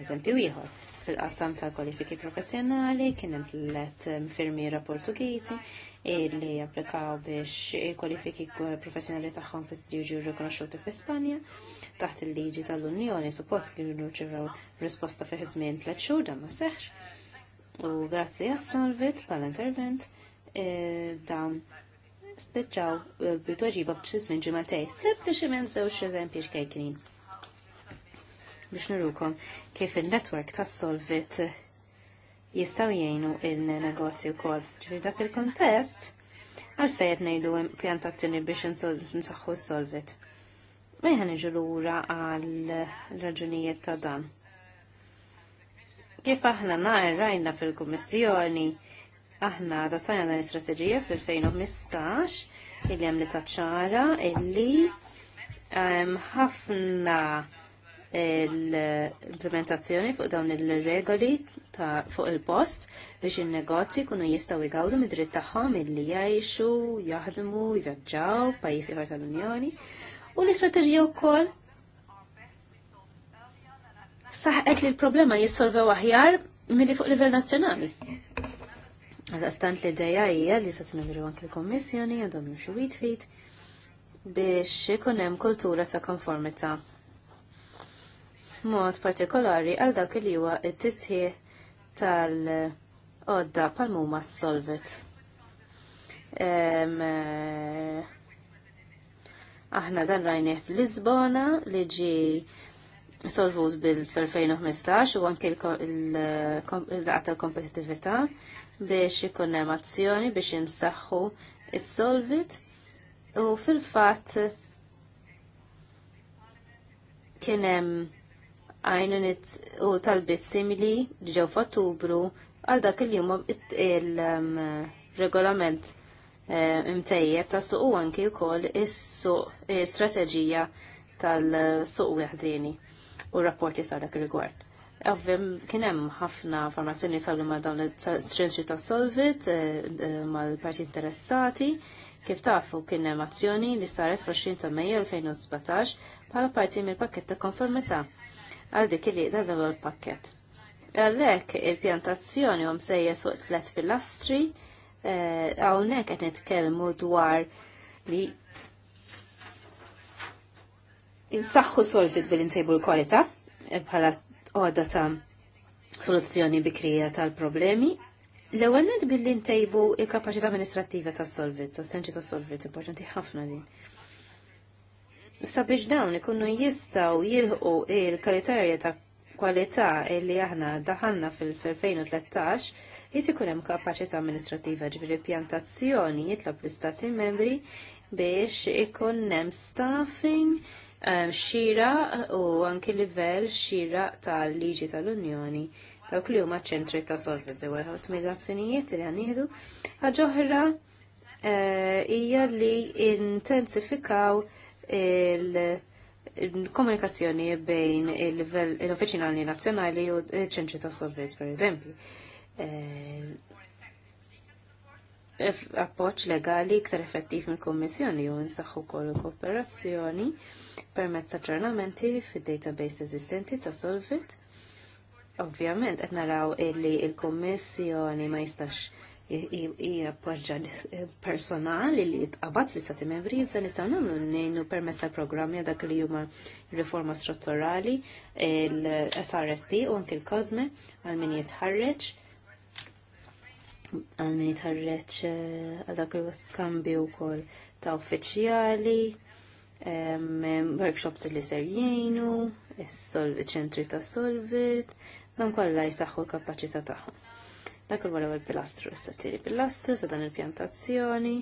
[SPEAKER 3] Eżempju ieħor, fil-qassam tal-kwalifiki professjonali kien hemm tliet infirmiera Portugiżi li applikaw biex il-kwalifiki professjonali tagħhom jiġu rikonoxxuti fl Spanja, taħt il-liġi tal-Unjoni suppost kienu ċirraw risposta fi żmien tliet xhur dan ma seħħx. U grazzi għas-salvit pal-intervent eh, dan spiċċaw eh, bitoġiba f'xi żmien ġimgħatej. minn żewġ eżempji xkejkinin. Biex nurukom kif il-network tas-solvit jistaw jgħinu il-negozju kol. Ġifir dak il-kontest, għalfej qed ngħidu impjantazzjoni biex nsaħħu s-solvit. Ma jħan lura għal raġunijiet ta' dan. Kif aħna rajna fil-Kummissjoni, aħna datajna dan l istrategija fil-2015 illi hemm li taċċara illi ħafna l-implementazzjoni fuq dawn il-regoli fuq il-post biex il-negozji kunu jistaw jgawdu mid-dritt tagħhom illi jgħixu, jaħdmu, jvjaġġaw f'pajjiżi ieħor tal-Unjoni. U l-istrateġija wkoll saħqet li l-problema jissolvew aħjar milli fuq livell nazzjonali. Għastant li d-dajja hija li sa tmimri anke l-Kommissjoni għandhom jimxu fit biex ikun hemm kultura ta' konformità. Mod partikolari għal dak li huwa t-titħieħ tal-qodda pal-muma solvet. Eh, aħna dan rajnieh fl-Lisbona li ġi solvut bil-2015 u anke l-għata kompetitivita biex ikun hemm azzjoni biex insaħħu is-solvit u fil-fatt kien hemm għajnunit u talbit simili ġew f'Ottubru għal dak il-jum ehm, il-regolament ehm, imtejjeb ta' suq u anki wkoll is-strateġija tal-suq u u rapporti sa' dak il-rigward kien hemm ħafna formazzjoni sabu ma' dawn il strinċi ta' Solvit eh, eh, mal-parti interessati. Kif tafu kien hemm azzjoni li saret fl-20 ta' Mejju 2017 bħala parti mill-pakket ta' konformità għal dik li da' dawn il-pakket. Għalhekk il-pjantazzjoni hum sejjes fuq tliet pilastri eh, hawnhekk qed nitkellmu dwar li insaħħu solvit bil-insejbu l kualita bħala għada ta' soluzzjoni bikrija tal-problemi L-ewwel billi ntejbu il-kapaċità amministrattiva tas-solvit, tas-senċi tas-solvit, importanti ħafna din. Sabiex dawn ikunu jistgħu jilħqu il kalitarja ta' kwalità li aħna daħanna fil-2013, jrid ikun hemm kapaċità amministrattiva pjantazzjoni jitlob l-istati membri biex ikun hemm staffing Um, xira u anki livell xira tal-liġi tal-Unjoni ta' li huma ċentri ta' solvenza u għalħat migrazzjonijiet li għanidu. Ħagħuħra eh, hija li intensifikaw il- komunikazzjoni bejn il-Offiċinali Nazzjonali u ċentri ta' Sovjet, per eżempju. Eh, appoġġ legali iktar effettiv mill-Kummissjoni u nsaħħu wkoll kooperazzjoni permezz ta' ġornamenti fid-database eżistenti ta' Solvit. Ovvjament qed naraw illi il-Kummissjoni ma jistax jappoġġa personali li jitqabad fl-istati membri, iżda nistgħu nagħmlu nejnu permezz tal-programmi dak li huma riforma strutturali, l-SRSP u anke l-Kozme għal min jitħarreġ għal-min jitħarreċ eh, għal-dak il-skambju kol ta' uffiċjali, workshops li ser jgħinu, ċentri ta' solvit, dan kolla jisaxu l-kapacita taħħa. Dak il għal pilastru, s-satiri pilastru, sa' dan il-pjantazzjoni,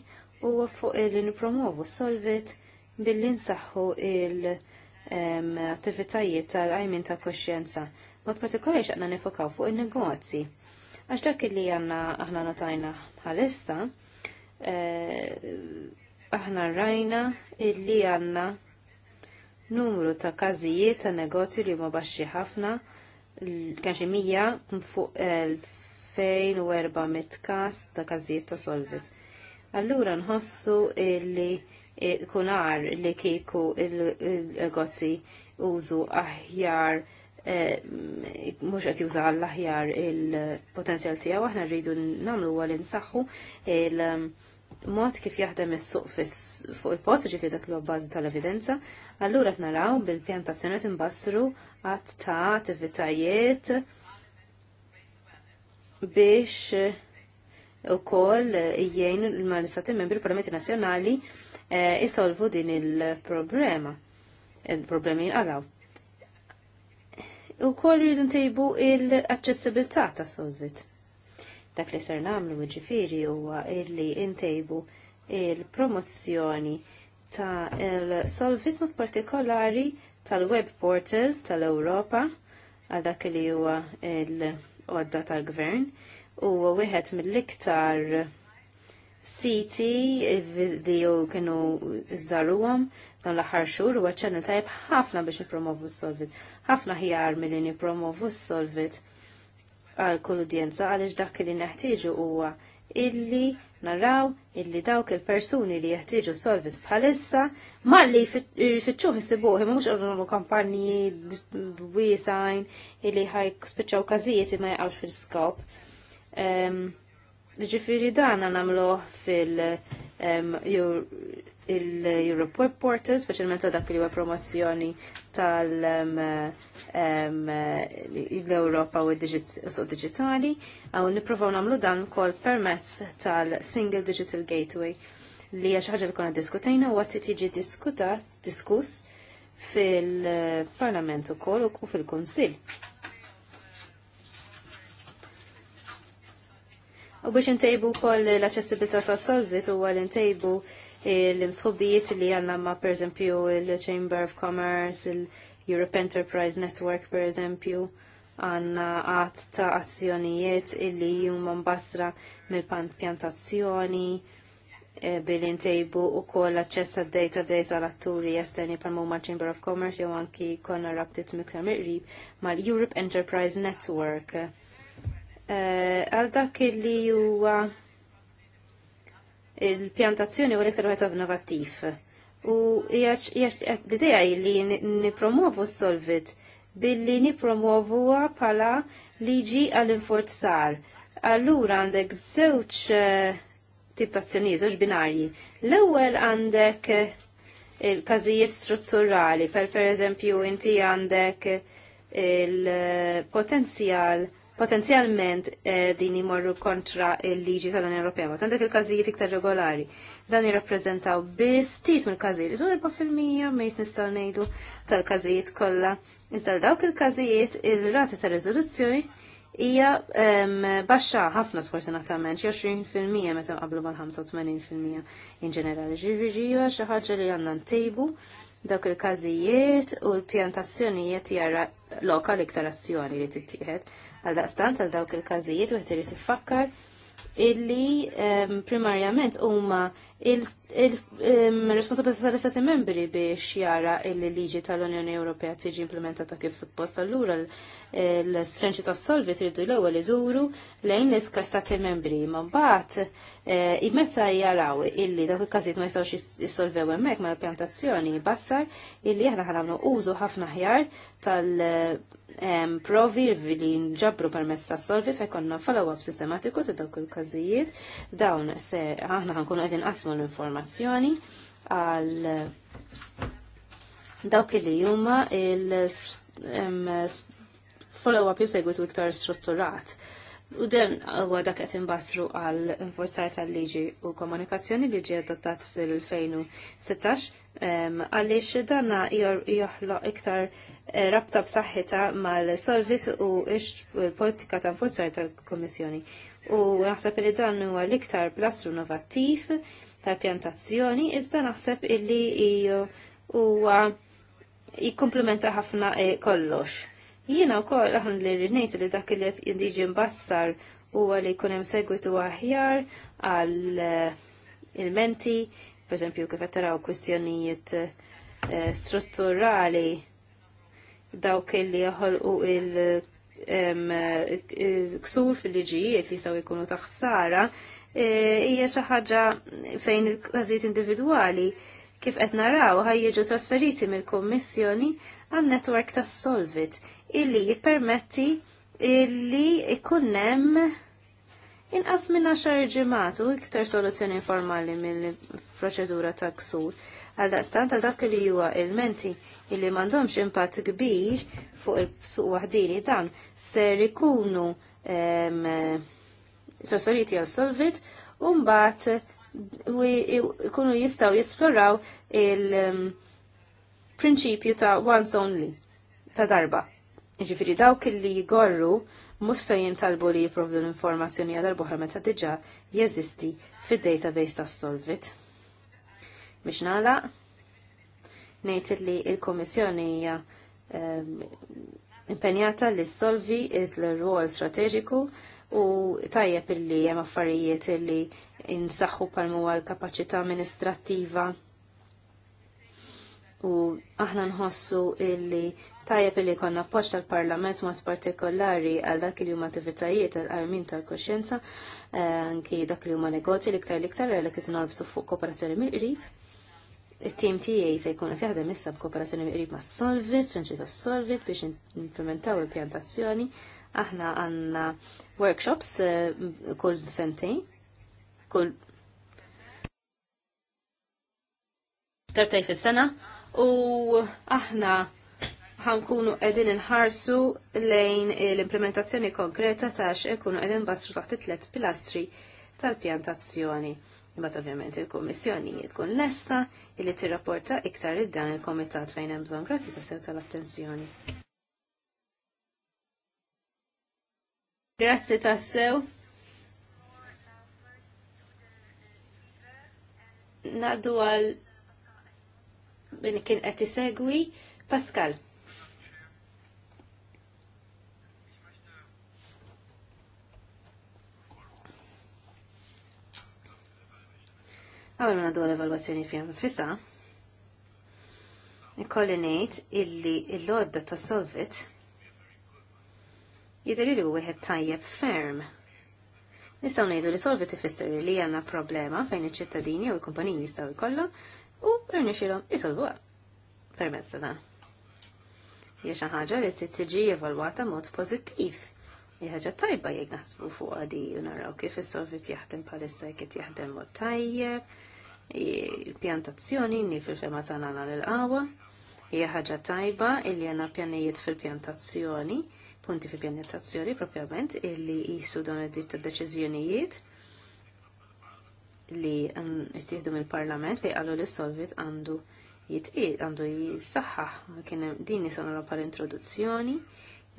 [SPEAKER 3] u fuq il nipromovu solvit billi nsaħħu il-attivitajiet tal-għajmin ta' koxjenza. Mod partikolari xaqna nifokaw fuq il-negozji Għax dak li għanna aħna notajna bħalissa, eh, aħna rajna illi għanna numru ta' kazijiet ta' negozju li huma baxxi ħafna, kaxi mija fuq 2400 każ ta' każijiet ta' solvit. Allura nħossu illi kunar li kieku il-negozji użu aħjar Eh, mhux qed juża għall-aħjar il-potenzjal tiegħu aħna rridu namlu għal li nsaħħu il- mod kif jaħdem is-suq fuq il-post ġifi dak li bazi tal-evidenza, allura qed naraw bil-pjantazzjoni imbassru għat ta' attivitajiet biex u koll jgħin l-Malistati membri parlamenti nazjonali eh, isolvu din il-problema, il-problemi jinqalaw u koll jridu ntejbu l-aċċessibilità ta' Solvit. Dak li ser nagħmlu ġifiri huwa illi ntejbu il-promozzjoni ta' il-Solvit mod partikolari tal-web portal tal-Ewropa għal dak li huwa l-għodda tal-gvern u wieħed mill-iktar siti video kienu żaruhom dan l-aħħar xhur huwa ċenna tajb ħafna biex nippromovu s-solvit. Ħafna ħjar milli nippromovu s-solvit għal kull udjenza għaliex dak li neħtieġu huwa illi naraw illi dawk il-persuni li jeħtieġu solvit bħalissa malli fitxu jisibuħi mux għadnu kampanji wisajn illi ħaj spiċaw kazijiet ma jgħawx fil-skop. Ehm, ġifiri dan għan fil- ehm, il-Europe Web Portal, specialment dak li huwa promozzjoni tal-Europa eh, u digitali, għaw niprofaw namlu dan kol permezz tal-Single Digital Gateway li għax ħagġa li konna diskutajna u għatti tiġi diskus fil-Parlament u kol u fil-Konsil. U biex intejbu kol l-accessibilità tas-solvit u għal intejbu l-imsħubijiet li għanna ma per eżempju il-Chamber of Commerce, il-Europe Enterprise Network per eżempju, għanna għat ta' azzjonijiet illi jumma mbasra mill-pjantazzjoni, eh, billi ntejbu u koll access database għal atturi esterni pal mumma Chamber of Commerce jew anki konna rabtit miktar mirrib mal-Europe Enterprise Network. Eh, għal e, dak li huwa il-pjantazzjoni u l-iktar wieħed innovattiv. U l-idea li nipromovu s-solvit billi nipromovuha bħala liġi għall-inforzar. Allura għandek żewġ eh, tip ta' żewġ binarji. L-ewwel għandek eh, il-każijiet strutturali, per per eżempju inti għandek il-potenzjal eh, il potenzjal potenzjalment eh, din imorru kontra il-liġi tal-Unjoni Ewropea, ma tantek il-każijiet iktar regolari. Dan jirrappreżentaw biss tit mill-każijiet, iżur il fil-mija mejt nistgħu ngħidu tal-każijiet kollha. Iżda dawk il-każijiet il-rati ta' riżoluzzjoni hija baxxa ħafna sfortunatament, xi 20% meta qablu mal-85% in ġenerali. Ġifieri hija xi ħaġa li għandna ntejbu dawk il-każijiet u l-pjantazzjonijiet jara lokal iktar azzjoni li tittieħed Għal daqstant għal dawk il-każijiet u ħtirid tiffakkar illi um, primarjament huma il-responsabilità ehm, um, tal-Istati membri biex jara il-liġi tal-Unjoni Ewropea tiġi implementata kif suppost. Allura l sċenċi tas-solvi tridu l-ewwel iduru lejn l-iska Stati membri. Ma mbagħad eh, meta jaraw illi dawk il-każijiet ma jistgħux jissolvew ma mal-pjantazzjoni bassar illi aħna ħanamlu użu ħafna ħjar tal- provi li nġabru permezz ta' solvi fe konna follow-up sistematiku ta' dawk il-każijiet dawn se aħna ħankunu għedin qasmu l-informazzjoni għal dawk li huma il follow-up u iktar strutturat U dan huwa dak qed imbastru għal inforzar tal-liġi u komunikazzjoni li ġie adottat fil-2016 għaliex danna joħloq iktar eh, rabta b'saħħitha mal-solvit u l-politika ta' inforzar tal kummissjoni U naħseb li dan huwa l-iktar plastru innovattiv tal-pjantazzjoni, iżda naħseb illi huwa jikkumplementa ħafna eh, kollox Jiena wkoll aħna li ngħid li dak li qed jindiġi mbassar huwa li jkun hemm segwitu aħjar għal eh, il-menti, pereżempju kif qed taraw kwistjonijiet eh, strutturali dawk li joħolqu il-ksur fil-liġijiet li jistgħu jkunu taħsara eh, hija xi ħaġa fejn il-każijiet individwali kif qed naraw ħajjiġu trasferiti mill-Kummissjoni għan netwerk tas-Solvit illi jippermetti illi ikunnem inqas minn 10 u iktar soluzzjoni informali mill-proċedura ta' ksur. Għal daqstant għal dak li huwa il-menti illi m'għandhomx impatt kbir fuq il-suq wahdini dan ser ikunu trasferiti għal solvit u mbagħad ikunu jistgħu jisploraw il-prinċipju ta' once only ta' darba Ġifiri dawk li jgorru musta jintalbu li jiprovdu l-informazzjoni għal boħra meta diġa jeżisti fid-database tas solvit Biex nagħlaq, nejt li l-Kummissjoni hija ehm, impenjata li solvi l-rwol strateġiku u tajjeb illi hemm affarijiet li insaħħu palmu għal kapaċità amministrattiva u aħna nħossu illi tajjeb illi konna appoġġ tal-Parlament mat partikolari għal dak li huma attivitajiet għal-armin tal-koxjenza eh, anki dak li huma negozji l-iktar għal kif li norbtu fuq kooperazzjoni mill-qrib. Il-tim tiegħi se jkun qed jaħdem issa b'kooperazzjoni mill-qrib ma' Solvit, ċentri ta' Solvit biex implementaw il-pjantazzjoni. Aħna għandna workshops eh, kull sentejn, kull Tartaj fis-sena u aħna ħankunu edin nħarsu lejn l-implementazzjoni konkreta tax ikunu edin basru taħt it-tlet pilastri tal-pjantazzjoni. Imbagħad ovvjament il-Kummissjoni tkun lesta illi tirrapporta iktar id dan il-Komitat fejn hemm bżonn. Grazzi sew tal-attenzjoni. Grazzi tassew. Naddu għal kien qed isegwi Pascal. Għawel minna l evalwazzjoni fjam fissa. Ikolli ngħid illi l-lodda ta' solvit jidher li wieħed tajjeb ferm. Nistgħu ngħidu li solvit ifisser li għandna problema fejn iċ-ċittadini u l-kumpaniji jistgħu jkollhom rinu xilom għal permezz ta' dan. Hija xi ħaġa li t tiġi evalwata mod pożittiv. Jħagġa ħaġa tajba jekk naħsbu fuqha di unaraw naraw kif is-solvit jaħdem bħalissa jekk jaħdem mod tajjeb, il-pjantazzjoni ni fil-fema ta' nana l qawwa jħagġa ħaġa tajba illi għandna pjanijiet fil-pjantazzjoni punti fil-pjantazzjoni propjament illi jisu dawn id-ditt ta' deċiżjonijiet li um, istieħdu mill-Parlament fej qalu li solvit għandu jitqil, għandu jissaħħaħ kien din nisanura pal-introduzzjoni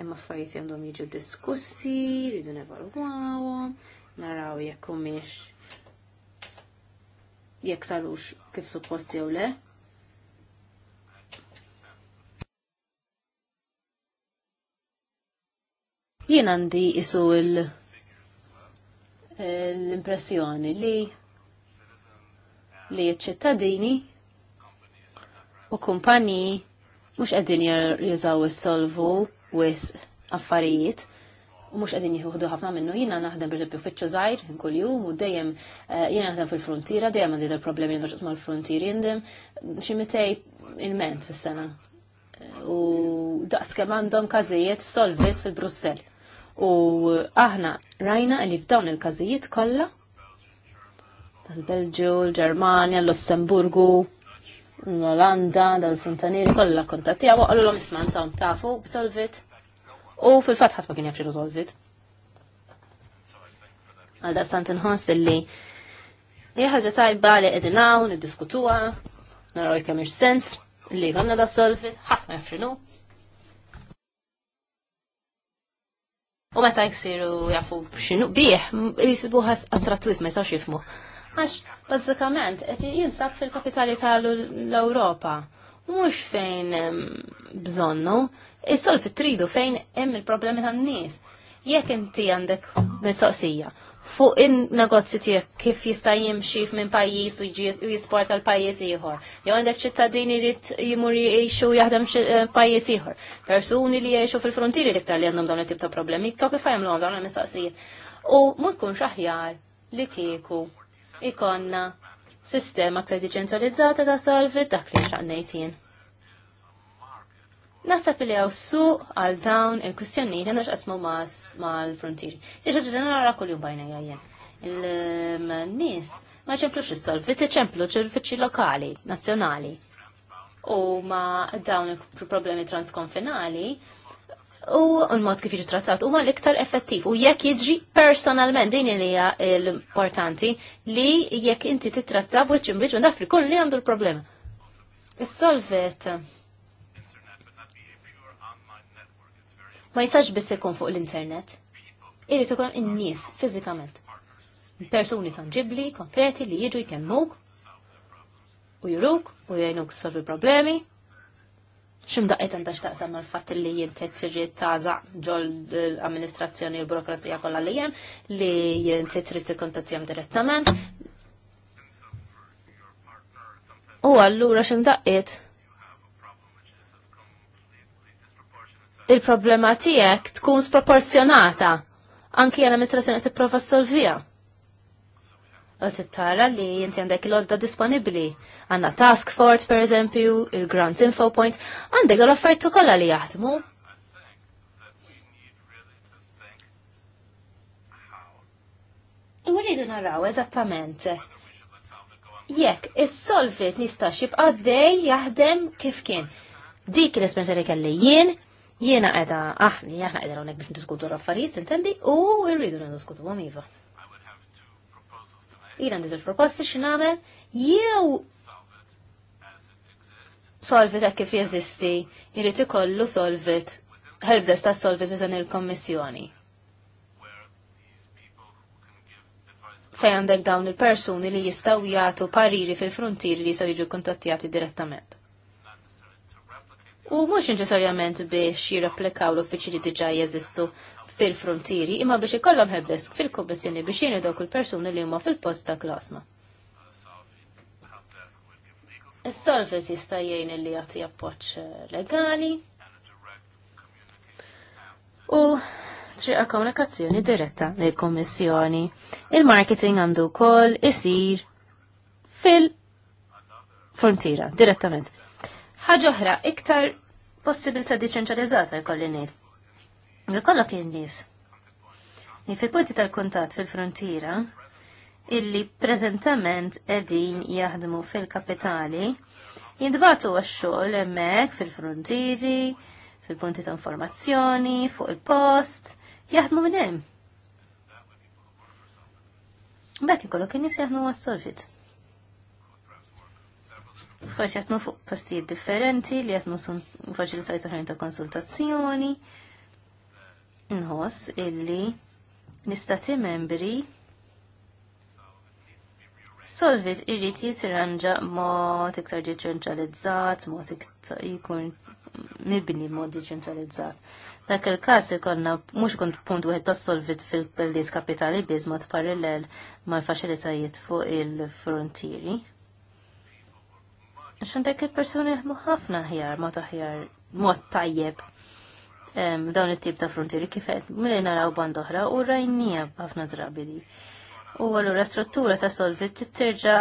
[SPEAKER 3] imma fajt għandhom jiġu diskussi, rridu nevalwawhom, naraw jekk miex jekk salux kif suppost jew le. Jien għandi isu l-impressjoni li li ċittadini u kumpaniji mhux qegħdin jużaw solvu wis affarijiet u mhux qegħdin jieħdu ħafna minnu jina naħdem pereżempju zaħir żgħir kuljum u dejjem eh, jina naħdem fil frontira dejjem għandi dal-problemi nirġgħod mal-fruntier jindem ximitej il-ment fis-sena. Eh, u daqs kemm għandhom każijiet solvit fil-Brussell. U aħna rajna li f'dawn il-każijiet kollha tal-Belġu, l-Ġermanja, l-Lussemburgu, l-Olanda, dal-Frontanieri, kollha kontatti għu għallu l-om isman ta' tafu solvit U fil-fat ma kien jafri solvit. Għalda stant nħoss illi ħaġa tajba li edinaw, niddiskutuha, naraw kemm sens li għamna da solvit, ħafna jafrinu. U meta jksiru jafu xinu bieħ, jisibu għas astratwizma, jisaw xifmu għax bazzikament qed jinsab fil-kapitali tal-Ewropa. Mhux fejn bżonnu, is fit-tridu fejn hemm il-problemi tan-nies. Jekk inti għandek mistoqsija fuq il negozju tiegħek kif jista' jimxi minn pajjiż u jisporta l pajjiż ieħor. Jew għandek ċittadini li jimur jgħixu jaħdem eh, pajjiż ieħor. Persuni li jgħixu fil-frontieri liktar li għandhom dawn it-tip ta' problemi, kif l jagħmlu dawn il-mistaqsijiet. U mu jkunx aħjar li kieku ikonna sistema kredi ċentralizzata ta' salvi dak li xaqnejtin. Nasab li għaw su għal dawn il-kustjonijiet għandax qasmu mal frontiri Tiex għadġi nara kull-jum bajna għajjen. Il-nis ma ċemplu x-solvi, ċemplu ċil lokali, nazjonali. U ma dawn il-problemi transkonfinali, u l-mod kif jiġu trattat huwa l-iktar effettiv u jekk jiġri personalment din li hija l-importanti li jekk inti titratta b'wiċċ imbiċ u dak li kull li għandu l-problema. Is-solvet. Ma jistax biss ikun fuq l-internet. Irid ikun in-nies fiżikament. Persuni tanġibli, konkreti li jiġu jkemmuk u juruk u jgħinuk solvi problemi daqqet għanda xtaqsam mal fat li jintet trid taħza ġol l-amministrazzjoni l-burokrazija kollha li jem li jintet trid kontazzjam direttament. U allura daqqet il-problema tiegħek tkun sproporzjonata anki għal amministrazzjoni tipprova solvija tara li jinti għandek l-odda disponibli. Għanna Task Force, per eżempju, il-Grant Info Point, għandek l-offertu kolla li jaħdmu. U rridu naraw eżattament. Jekk, is-solvit nista xib għaddej jaħdem kif kien. Dik l esperienza li kelli jien, jiena qiegħda aħni, aħna qiegħda għonek bifn diskutu l-affarijiet, intendi, u rridu ndiskutu iva jina għandi proposti x'namel jew solvit hekk kif jeżisti jrid ikollu solvit helpdesk ta' solvit minn il-kommissjoni. Fejn għandek dawn il-persuni li jistgħu jagħtu pariri fil-frontier li jistgħu jiġu kontattijati direttament. U mhux neċessarjament biex jirreplikaw l-uffiċi li diġà jeżistu fil-frontieri imma biex ikollhom helpdesk fil-kummissjoni biex jienu dawk il-persuni li huma fil-post ta' klasma. Is-solvet jista' jgħin li jagħti appoġġ eh, legali u triqa komunikazzjoni diretta lill-Kummissjoni. Il-marketing għandu wkoll isir fil-frontiera direttament. Ħaġa oħra iktar possibilità diċentralizzata jkolli ngħid Jkollok mela, in fil-punti tal kontat fil-frontiera illi preżentament edin jaħdmu fil-kapitali jindbatu għax-xogħol hemmhekk fil-frontieri, fil-punti ta' informazzjoni, fuq il-post, jaħdmu minn hemm. Bekk ikollok in-nies jaħdmu għas-solvit faċ jatnu fuq postijiet differenti li jatnu faċilitajt oħrajn ta' konsultazzjoni, nħoss illi nistati membri Solvit irrit jitranġa mod iktar deċentralizzat, mod iktar jikun nibni mod deċentralizzat. Dak il-kas ikonna mux kont punt wieħed ta' solvit fil pellis kapitali biz mod parallel mal-faċilitajiet fuq il-frontieri. Xantek il-persuni ħafna ħjar, mod aħjar, mod tajjeb dawn it-tip ta' frontieri kifet, mill naraw band oħra u rajnija ħafna drabi li. U għallura struttura ta' solvit terġa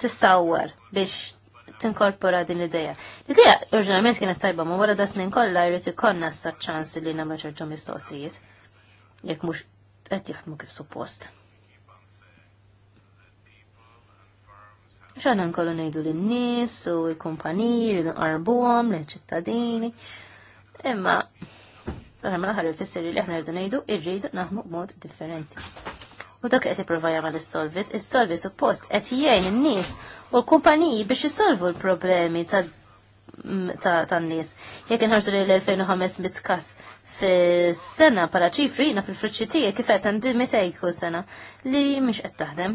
[SPEAKER 3] tissawwar biex tinkorpora din l-ideja. L-ideja oriġinalment kienet tajba, ma wara da snin kollha jrid ikonna sa ċans li nagħmel ċertu mistoqsijiet. Jekk mhux qed jaħdmu kif suppost. ċana nkollu nejdu l-nis u l-kumpaniji, rridu nqarbuhom, l-ċittadini, Imma, l-ħarma l-ħar il-fisser li ħna rridu nejdu, irridu naħmu b'mod differenti. U dak qed jipprova jagħmel is-solvit, is-solvit suppost qed jgħin in-nies u l-kumpaniji biex isolvu l-problemi tan-nies. Jekk nħarġu li l 2005 mitkas fis-sena bħala ċifri na fil-friċċi tiegħek kif qed għandi s sena li mhux qed taħdem.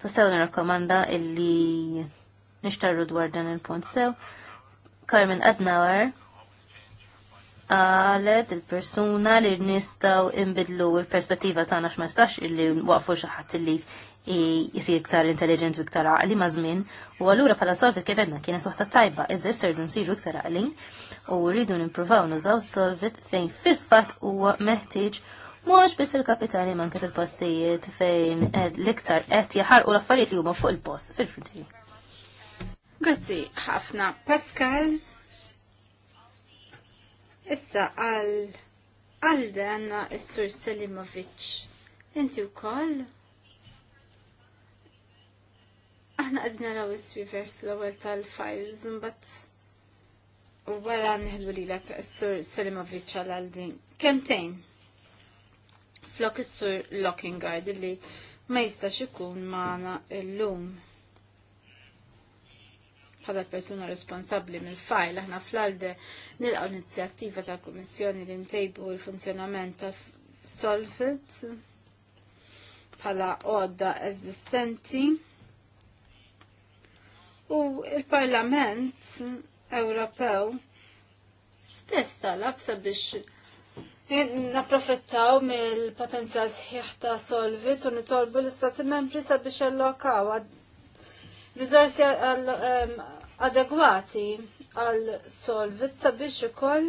[SPEAKER 3] Tassew nirrakkomanda illi nixtarru dwar dan il-punt sew. Carmen Adnawar għalet il-persuna li nistaw imbidlu il-perspettiva tagħna x'ma stax illi waqfu xi ħadd illi jisir iktar intelligent u iktar għaqli ma' żmien u allura bħala solvit kif għedna kienet waħda tajba iżda serdu nsiru iktar għali u rridu nippruvaw nużaw solvit fejn fil-fatt huwa meħtieġ mhux biss fil-kapitali kif il postijiet fejn l-iktar qed jaħarqu l-affarijiet li huma fuq il-post fil-frontieri.
[SPEAKER 1] Grazzi ħafna Pascal. Issa għal għal danna s-sur Selimovic. Inti u koll? Aħna għadna raw s vers l-ewel tal-files, mbatt u wara nħedbu li l-ek s-sur Selimovic għal għal din. Kemtejn? Flok s-sur Lockingard li ma jistax ikun maħna l-lum bħala persuna responsabbli mill-fajl aħna fl-alde nilqaw inizjattiva tal-Kummissjoni li ntejbu l-funzjonament ta' Solvit bħala għodda eżistenti. U il-Parlament Ewropew spess talab sabiex Napprofittaw mill-potenzjal sħiħ ta' Solvit u nitolbu l-istati membri sabiex allokaw riżorsi adegwati għal solvizza biex ukoll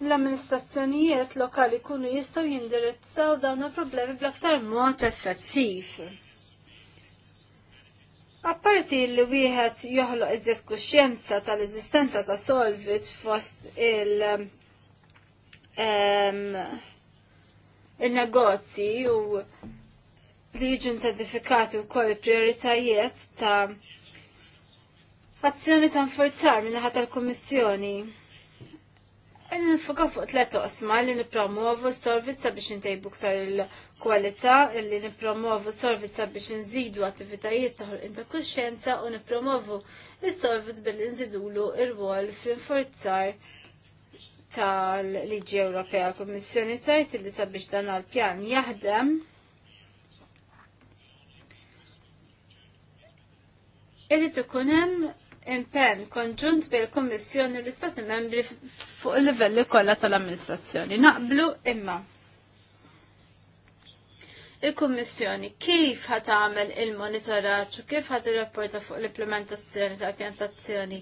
[SPEAKER 1] l-amministrazzjonijiet lokali kunu jistaw jindirizzaw dawn il-problemi bl-aktar mod effettiv. Apparti li wieħed joħloq iżjed kuxjenza tal-eżistenza ta' solvit fost il- um, il-negozji u li jiġu intedifikati u koll prioritajiet ta' Azzjoni ta' nforzar minn ħadd tal-Kummissjoni. Għedin nifuka fuq tlet osma li nipromovu s-sorvizza biex intejbu ktar il kwalità li nipromovu s-sorvizza biex nżidu attivitajiet taħol inta kuxjenza u nipromovu s-sorvizz billi nżidulu il wol fl-inforzar tal-Liġi Ewropea Kommissjoni tajt li sabiex dan għal-pjan jaħdem. Irrid ikun hemm impenn konġunt bil-Kommissjoni u l-Istati membri fuq il-livelli kollha tal-amministrazzjoni. Naqblu imma. Il-Kummissjoni kif ħat għamel il-monitoraġġ u kif ħat irrapporta fuq l-implementazzjoni ta' pjantazzjoni,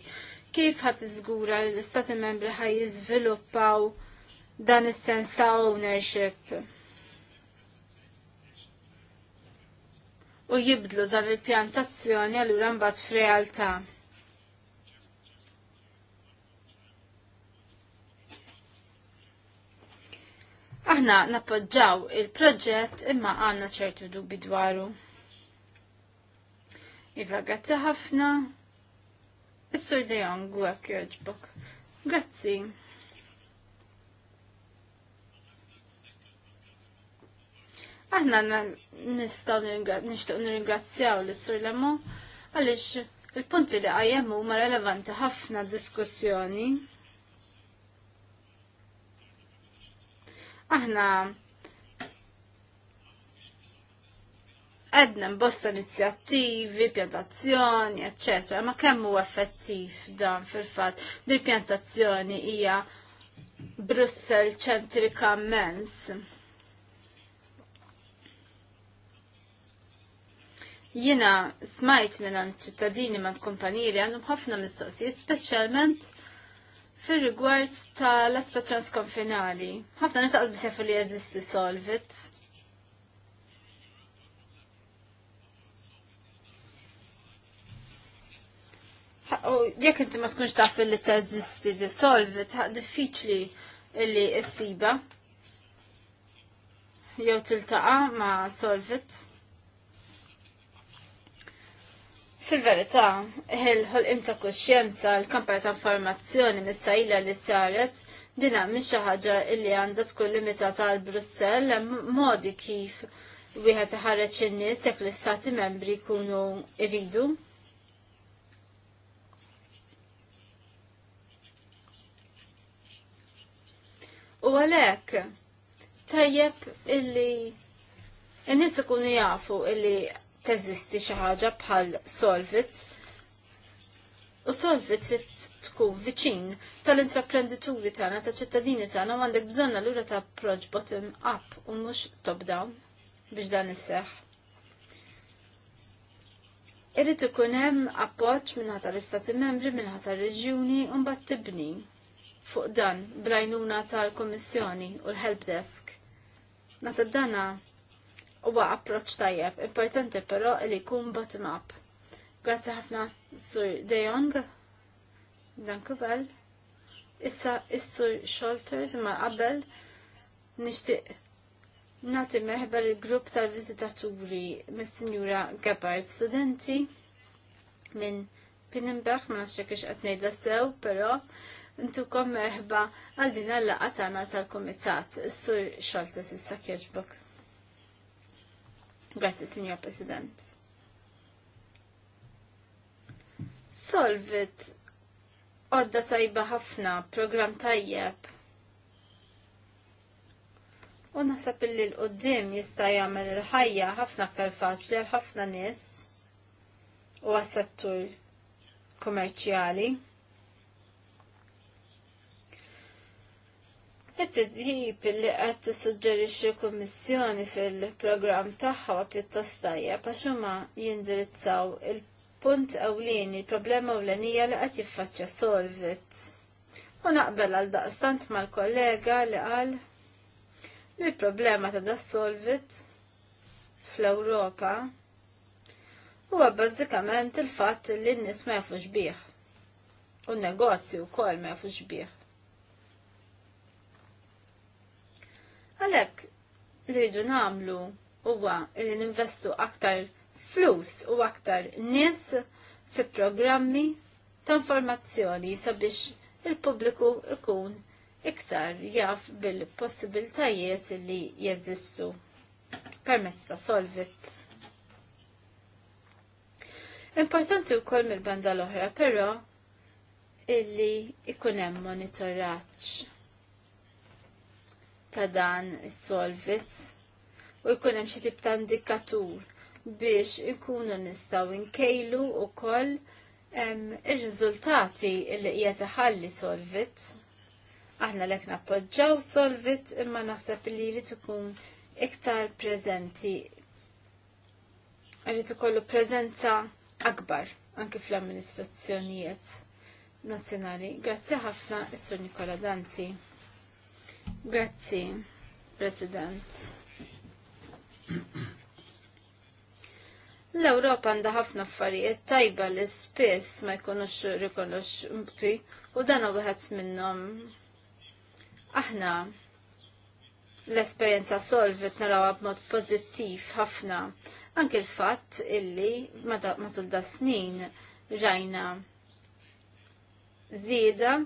[SPEAKER 1] kif ħat iżgura li l-Istati membri ħaj jiżviluppaw dan is-sens ta' ownership. U jibdlu dan il-pjantazzjoni allura mbagħad f'realtà. Aħna nappoġġaw il-proġett imma għanna ċertu dubi dwaru. Iva, grazzi ħafna. Is-sur dejon għuak joġbok. Grazzi. Aħna nistaw nishtuq nirringrazzjaw l-sur Lemo għalix il-punti li għajemu ma relevanti ħafna diskussjoni. Aħna għedna mbosta inizjattivi, pjantazzjoni, eccetera, Ma kemm effettiv dan fil-fatt di pjantazzjoni hija Brussel ċentrika mens. Jina smajt minn ċittadini ma' kumpaniri għandhom ħafna mistoqsijiet, speċjalment fil-rigward tal-aspet transkonfinali. ħafna nistaqt bisefu li jeżisti solvit. Jekk inti ma tkunx taf li teżisti li solvit, diffiċli illi issiba. Jew tiltaqa ma solvit. Fil-verità, il-ħolqim ta' kuxjenza, l-kampanja ta' formazzjoni mis-sajla li saret, dina mhix xi ħaġa li għandha tkun limitata għal Brussell hemm modi kif wieħed iħareġ in-nies jekk l-istati membri jkunu iridu. U għalhekk tajjeb illi n-nies ikunu jafu illi teżisti xi ħaġa bħal solvits. U solvit trid tkun viċin tal-intraprendituri tagħna, ta' ċittadini tagħna u għandek bżonn allura ta' approach bottom up u mhux top down biex dan isseħħ. Irrid ikun hemm appoġġ minn tal-Istati Membri minn tal-Reġjuni u mbagħad tibni fuq dan blajnuna tal-Kommissjoni u l-Help Desk. Nasib dana huwa approċċ tajjeb, importanti però li jkun bottom up. Grazzi ħafna Sur De Jong, Dankubel, issa is-Sur Scholters ma qabel nixtieq Nati meħbel il grupp tal-vizitaturi mis-Sinjura Gabbard, studenti minn Pinnenberg, ma nafxie kiex qed ngħidha sew, però intukom meħba għal din l-laqgħa tagħna tal-Kumitat, Sur Xoltes issa kieġbok. Grazzi, Signor President. Solvit għodda sajba ħafna, program tajjeb. U naħseb illi l-qoddim jista' jagħmel il-ħajja ħafna aktar faċli għal ħafna nies u għas-settur kummerċjali. it-tidjib li qed tissuġġerixxi kummissjoni fil-programm tagħha pjuttost tajjeb għax huma jindirizzaw il-punt ewlieni il-problema ewlenija li qed jiffaċċja solvit. U naqbel għal daqstant mal-kollega li qal li l-problema ta' das solvit fl-Ewropa huwa bażikament il-fatt li n-nies ma jafux bih. U n-negozju wkoll ma jafux bih Għalek li rridu namlu huwa li ninvestu aktar flus u aktar nies fi programmi ta' informazzjoni sabiex il-pubbliku ikun iktar jaf bil-possibiltajiet li jeżistu permezz ta' solvit. Importanti u mill mil-banda l-oħra, pero illi ikunem monitoraċ ta' dan is-solvits u jkun hemm xi tip ta' indikatur biex ikunu nistgħu nkejlu wkoll ir-riżultati li hija tħalli solvits, Aħna lek nappoġġaw solvit imma naħseb li jrid ikun iktar preżenti jrid ikollu preżenza akbar anke fl-amministrazzjonijiet nazzjonali. Grazzi ħafna, Isru Nikola Danti. Grazzi, President. L-Ewropa għandha ħafna affarijiet tajba li spiss ma jkunux rikonoxxuti u dan huwa wieħed minnhom. Aħna l-esperjenza solvit narawha b'mod pożittiv ħafna. Anke l-fatt illi matul da snin rajna żieda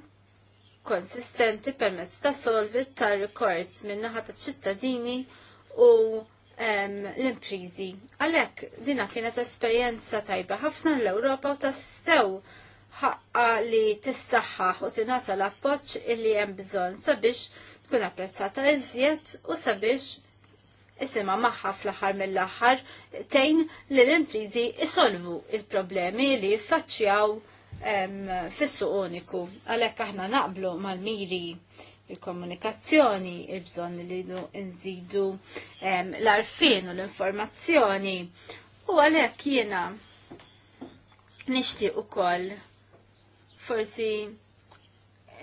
[SPEAKER 1] konsistenti permezz ta' solvi ta' rekors minnaħa ta' ċittadini u l-imprizi. Għalek, dina kienet esperienza tajba ħafna l-Europa u tassew ħaqqa li tissaħħaħ u tinata l-appoċ illi hemm bżonn sabiex tkun apprezzata iżjed u sabiex isima maħħa fl-aħħar mill-aħħar tejn li l-imprizi isolvu il-problemi li jiffaċċjaw fissu uniku. Għalhekk aħna naqblu mal-miri il-komunikazzjoni, il-bżon li idu nżidu l-arfin u l-informazzjoni. U għalhekk jiena nixtieq ukoll forsi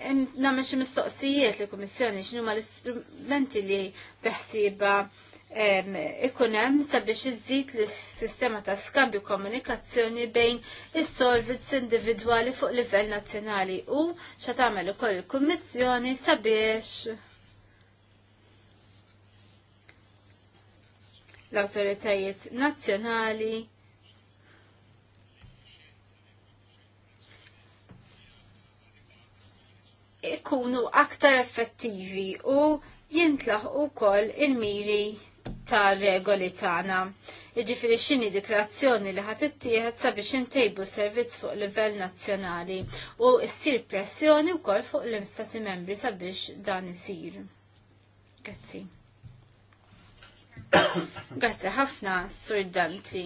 [SPEAKER 1] nagħmel xi mistoqsijiet li kummissjoni x'inhuma l-istrumenti li beħsiba ikun hemm sabiex iżżid l-sistema ta' skambju komunikazzjoni bejn is-solvits individwali fuq livell nazzjonali u xa tagħmel ukoll il-Kummissjoni sabiex l-awtoritajiet nazzjonali ikunu aktar effettivi u jintlaħ koll il-miri ta' regoli tagħna. Jiġifieri x'inhi dikrazzjoni li ħadd ittieħed sabiex intejbu servizz fuq livell nazzjonali u ssir pressjoni wkoll fuq l-imstati membri sabiex dan isir. Grazzi. Grazzi ħafna, Sur Danti.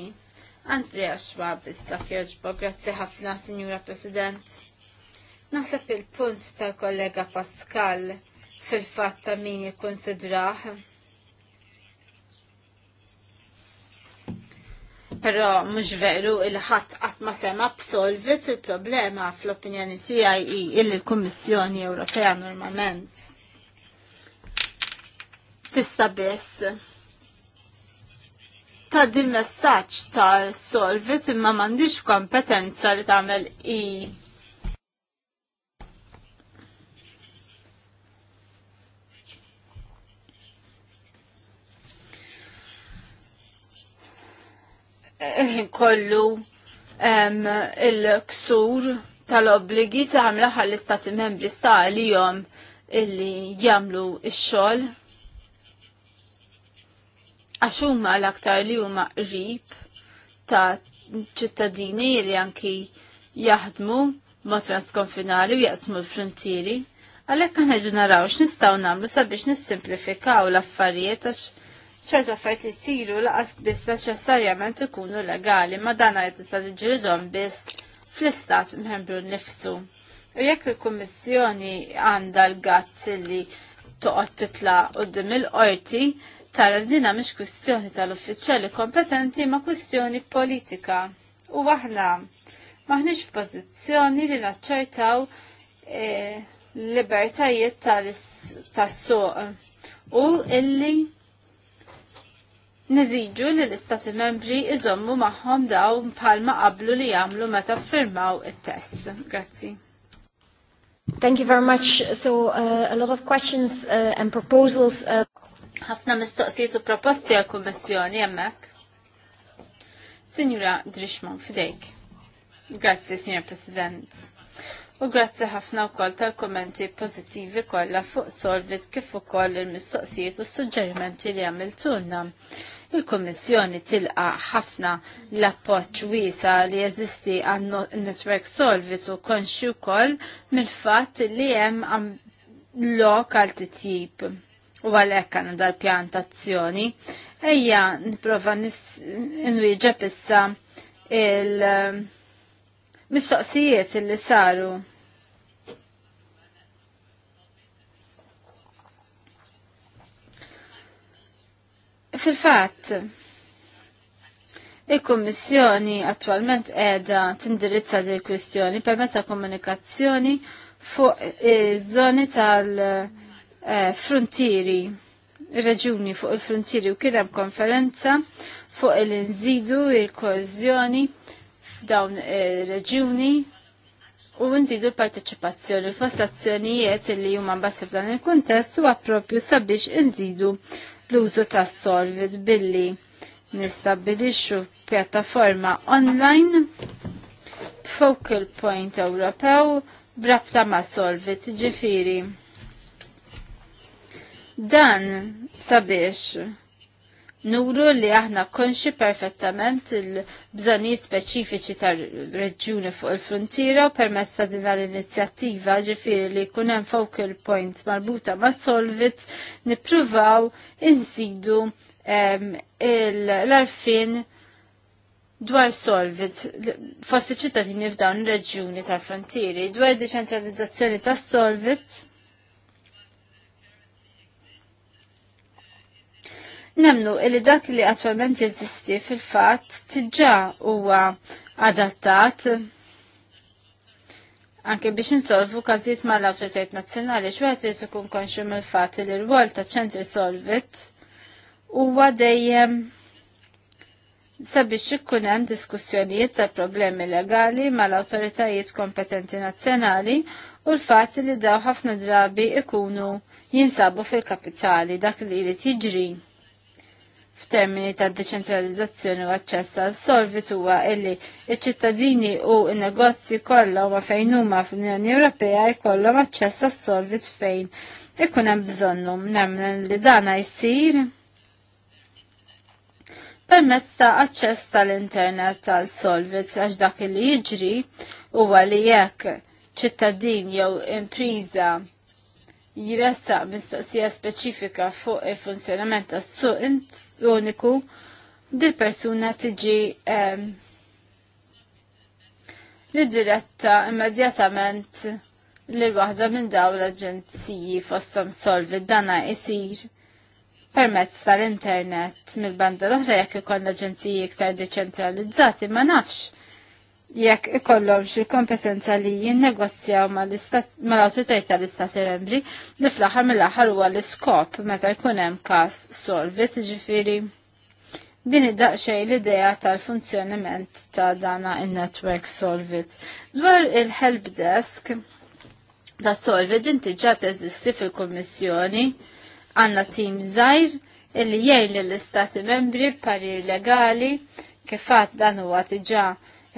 [SPEAKER 1] Andrea Schwab, issa kjoġbo, grazzi ħafna, Signora President. Naħseb il-punt tal-kollega Pascal fil-fatt ta' min jikkonsidraħ però mhux veru il ħadd qatt ma sema b'solvit il-problema fl-opinjoni tiegħi hi il-Kummissjoni Ewropea normalment. Tista' biss ta' din messaċ ta' solvit imma mandiġ kompetenza li tagħmel i ħin kollu il-ksur tal-obligi ta' l-istati membri sta għalihom illi jagħmlu il xogħol għax huma l-aktar li huma qrib ta' ċittadini li anki jaħdmu ma' transkonfinali u jaqsmu l-frontieri. Għalhekk aħna naraw x-nistaw nagħmlu sabiex nissimplifikaw l-affarijiet għax ċertu affarijiet li jsiru laqas biss neċessarjament ikunu legali, ma dan qed tista' tiġridhom biss fl-istat mħembru nnifsu. U jekk il-Kummissjoni għandha l-gazz li toqgħod titla' qudiem il-qorti, tara li dina mhix kwistjoni tal-uffiċjali kompetenti ma' kwistjoni politika. U aħna maħniex f'pożizzjoni li naċċertaw e, libertajiet tas-suq u illi Niziġu li l-istati membri iżommu maħħom daw palma qablu li jamlu meta firmaw il-test. Grazzi. Thank you very much. So uh, a lot of questions uh, and proposals. Uh, Ħafna uh... mistoqsijiet u proposti għal kummissjoni jemmek. Signora Drishman, fidejk. Grazzi, Signor President u grazzi ħafna wkoll tal-kommenti pożittivi kollha fuq Solvit kif ukoll il-mistoqsijiet u s-suġġerimenti li għamiltuna. Il-Kommissjoni tilqa ħafna l-appoġġ wiesa li jeżisti għan netwerk Solvit u konxju wkoll mill-fatt li hemm lokal titjib u għalek għanna dal-pjantazzjoni. Ejja, niprofa nis inwieġeb issa il- mistoqsijiet illi saru. Fil-fatt, il-Kommissjoni attualment edha tindirizza dil kwistjoni per ta' komunikazzjoni fuq iż-żoni tal-frontieri, eh, reġuni fuq il-frontieri u kien hemm konferenza fuq il-inżidu il-koeżjoni il inżidu il kozzjoni il f'dawn ir-reġjuni eh, u nżidu l-parteċipazzjoni fost azzjonijiet li huma mbagħad f'dan il-kuntest huwa proprju sabiex nżidu l-użu tas-solvit billi nistabilixu pjattaforma online focal point Ewropew brabta ma' solvit ġifiri. Dan sabiex nuru li aħna konxi perfettament il-bżonijiet speċifiċi tar-reġjuni fuq il-frontiera u permezz ta' din l-inizjattiva ġifieri li jkun hemm focal points marbuta ma' Solvit nippruvaw insidu l-arfin dwar solvit fossi ċittadini f'dawn ir-reġjuni tal-frontieri dwar deċentralizzazzjoni tas-solvit Nemnu illi dak li attualment jeżisti fil-fatt diġà huwa adattat anke biex insolvu każijiet mal awtoritajiet nazzjonali x'wieħed irid ikun konxu mill-fatt li l-rwol ta' ċentri solvit huwa dejjem sabiex ikun hemm diskussjonijiet ta' problemi legali mal-awtoritajiet kompetenti nazzjonali u l-fatt li daw ħafna drabi ikunu jinsabu fil-kapitali dak li jrid jiġri f'termini ta' deċentralizzazzjoni u aċċess għal solvit huwa illi iċ-ċittadini u n-negozji kollha huma fejn huma fl-Unjoni Ewropea jkollhom aċċess għas solvit fejn ikun hemm bżonnhom nemmen li dana jsir permezz ta' aċċess tal-internet tal-solvit għax dak li jiġri huwa li jekk ċittadin jew impriża jiressa mistoqsija speċifika fuq il-funzjonament tas-suq uniku, dil-persuna tiġi ridiretta immedjatament lil waħda minn daw l-aġenziji fostom solvi dana isir permezz tal-internet mill-banda l-oħra jekk ikoll l-aġenziji iktar deċentralizzati ma nafx jekk ikollhomx il-kompetenza li jinnegozjaw mal-awtoritajt tal-istati membri li fl-aħħar mill-aħħar huwa l-iskop meta jkun hemm każ solvit ġifieri din id-daqxej l-idea tal-funzjonament ta' dana in-network solvit. Dwar il-help desk ta' solvit din tiġa teżisti fil-Kummissjoni għandna tim żgħir illi jgħin lill-istati membri parir legali kif dan huwa diġà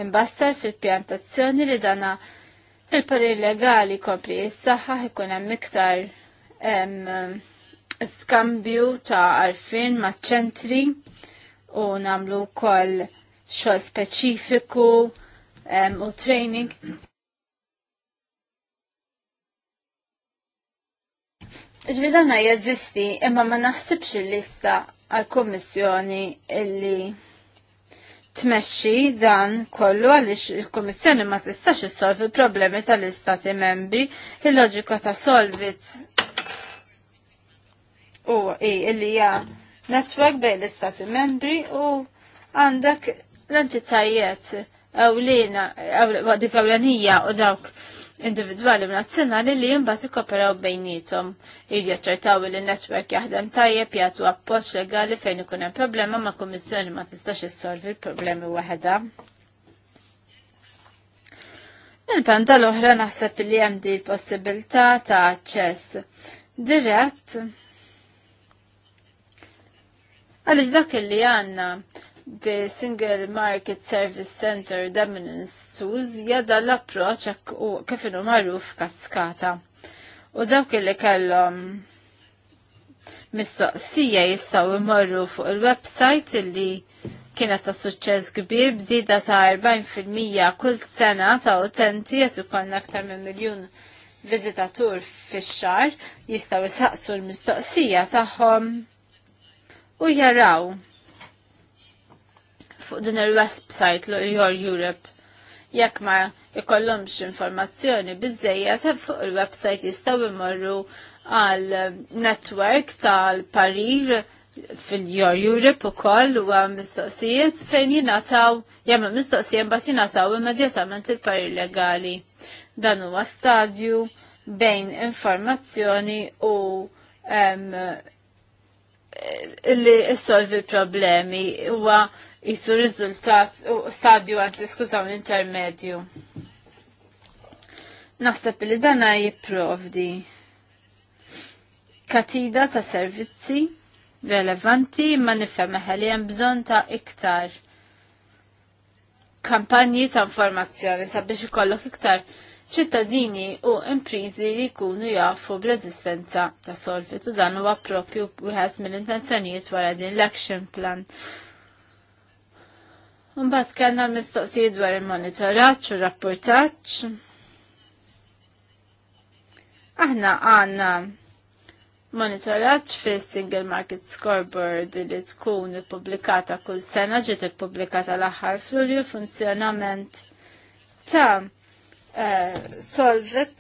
[SPEAKER 1] imbassar fil-pjantazzjoni li dana il-parir legali kompli jissaħħa ikun hemm iktar skambju ta' arfin ma' ċentri u namlu kol xogħol speċifiku u training Ġvidana jazisti, imma ma naħsibx il-lista għal-kommissjoni illi tmexxi dan kollu għaliex il-Kummissjoni ma tistax issolvi problemi tal-Istati membri il-loġika ta' solvit u i li hija netwerk bejn l-Istati membri u għandek l-entitajiet ewlina dik u dawk individwali nazzjonali li jimbat ikoperaw bejnietom. Irdi jaċċertaw li n-netwerk jaħdem tajjeb jagħtu appoġġ legali fejn ikun hemm problema ma' kummissjoni ma tistax issolvi l-problemi waħda. il panda l-oħra naħseb li hemm di l-possibilità ta' aċċess dirett għaliex dak li għandna bi Single Market Service Center Dominance Tools jada l-approċ u kifinu marruf kaskata. U dawk li kellhom mistoqsija jistaw imorru fuq il-website illi kienet ta' suċċess kbir bżida ta' 40% kull sena ta' utenti jesu konna aktar minn miljun vizitatur fix-xar jistaw jisaqsu l-mistoqsija tagħhom u jaraw fuq din il-website Your Europe. Jekk ma jkollhomx informazzjoni biżejja se fuq il-website jistgħu imorru għal network tal-parir fil-Your Europe ukoll u għam mistoqsijiet fejn jinataw, jgħamlu mistoqsijiet bat jinataw immedjatament il-parir legali. Dan huwa stadju bejn informazzjoni u um, li issolvi problemi huwa jisu riżultat u stadju għanti skużaw intermedju. Naħseb li dana jipprovdi katida ta' servizzi relevanti ma nifhem li hemm bżonn ta' iktar kampanji ta' informazzjoni sabiex ikollok iktar ċittadini u imprizi li jkunu jafu bl-eżistenza ta' solvit u dan huwa proprju wieħed mill-intenzjonijiet wara din l-action plan. Mbagħad kellna mistoqsijiet dwar il-monitoraġġ u rapportaġġ. Aħna għandna monitoraġġ fis single Market Scoreboard li tkun ippubblikata kull sena ġiet ippubblikata l-aħħar fl funzjonament ta' Eh, solvet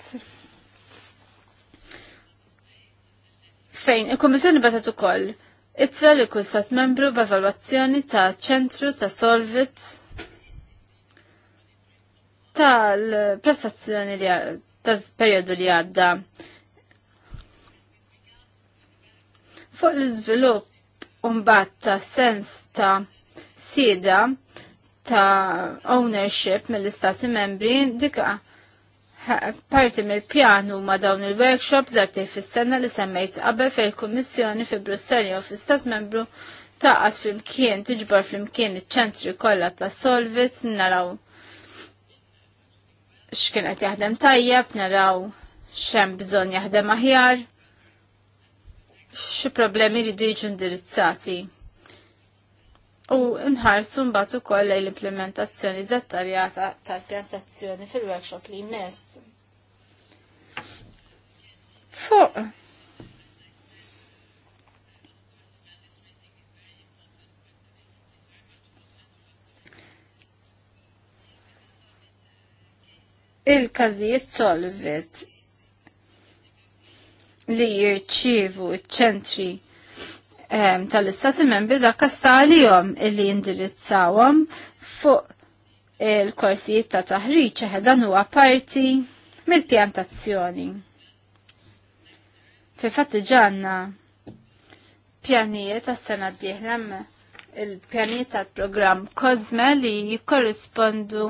[SPEAKER 1] fejn il-Kommissjoni batet ukoll itra li kull stat membru b'evalwazzjoni ta' ċentru ta' solvit tal-prestazzjoni li tal-periodu li għadda fuq l-izvilupp umbat ta' sens ta' sida ta' ownership mill-istati membri dika Parti mill-pjan huma dawn il-workshops darti fis-sena li semmejt qabel fil-Kummissjoni fi Brussell u fl-Istat Membru taqas flimkien tiġbor flimkien iċ-ċentri kollha ta' Solvit naraw x'kien qed jaħdem tajjeb, naraw x'hemm bżonn jaħdem aħjar, xi problemi li jiġu indirizzati. U nħarsu mbagħad ukoll l-implementazzjoni dettaljata tal-pjantazzjoni fil-workshop li jmiss fuq. Il-każijiet solvit li jirċivu ċ-ċentri ehm, tal-istati membri kastali jom illi indirizzawhom fuq il-korsijiet ta' taħriġ ħedan huwa parti mill-pjantazzjoni. Fi fatti ġanna pjanijiet għas-sena d il-pjanijiet tal-programm Kozme li jikorrispondu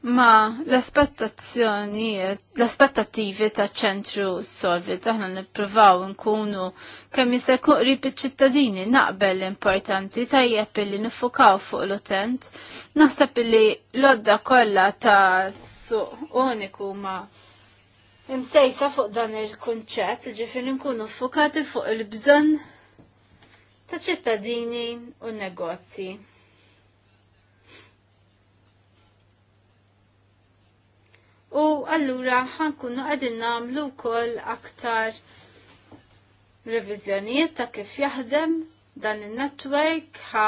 [SPEAKER 1] Ma l aspettazzjoni l-aspettativi ta' ċentru Solvi aħna nippruvaw nkunu kemm jista' jkun qrib iċ-ċittadini naqbel l-importanti tajjeb li nifukaw fuq l-utent. Naħseb illi l-odda kollha ta' suq uniku ma' imsejsa fuq dan il-kunċett, ġifieri nkunu fukati fuq il-bżonn ta' ċittadini u negozji. u allura ħankunu għadin namlu kol aktar revizjoniet ta' kif jaħdem dan il-network ħa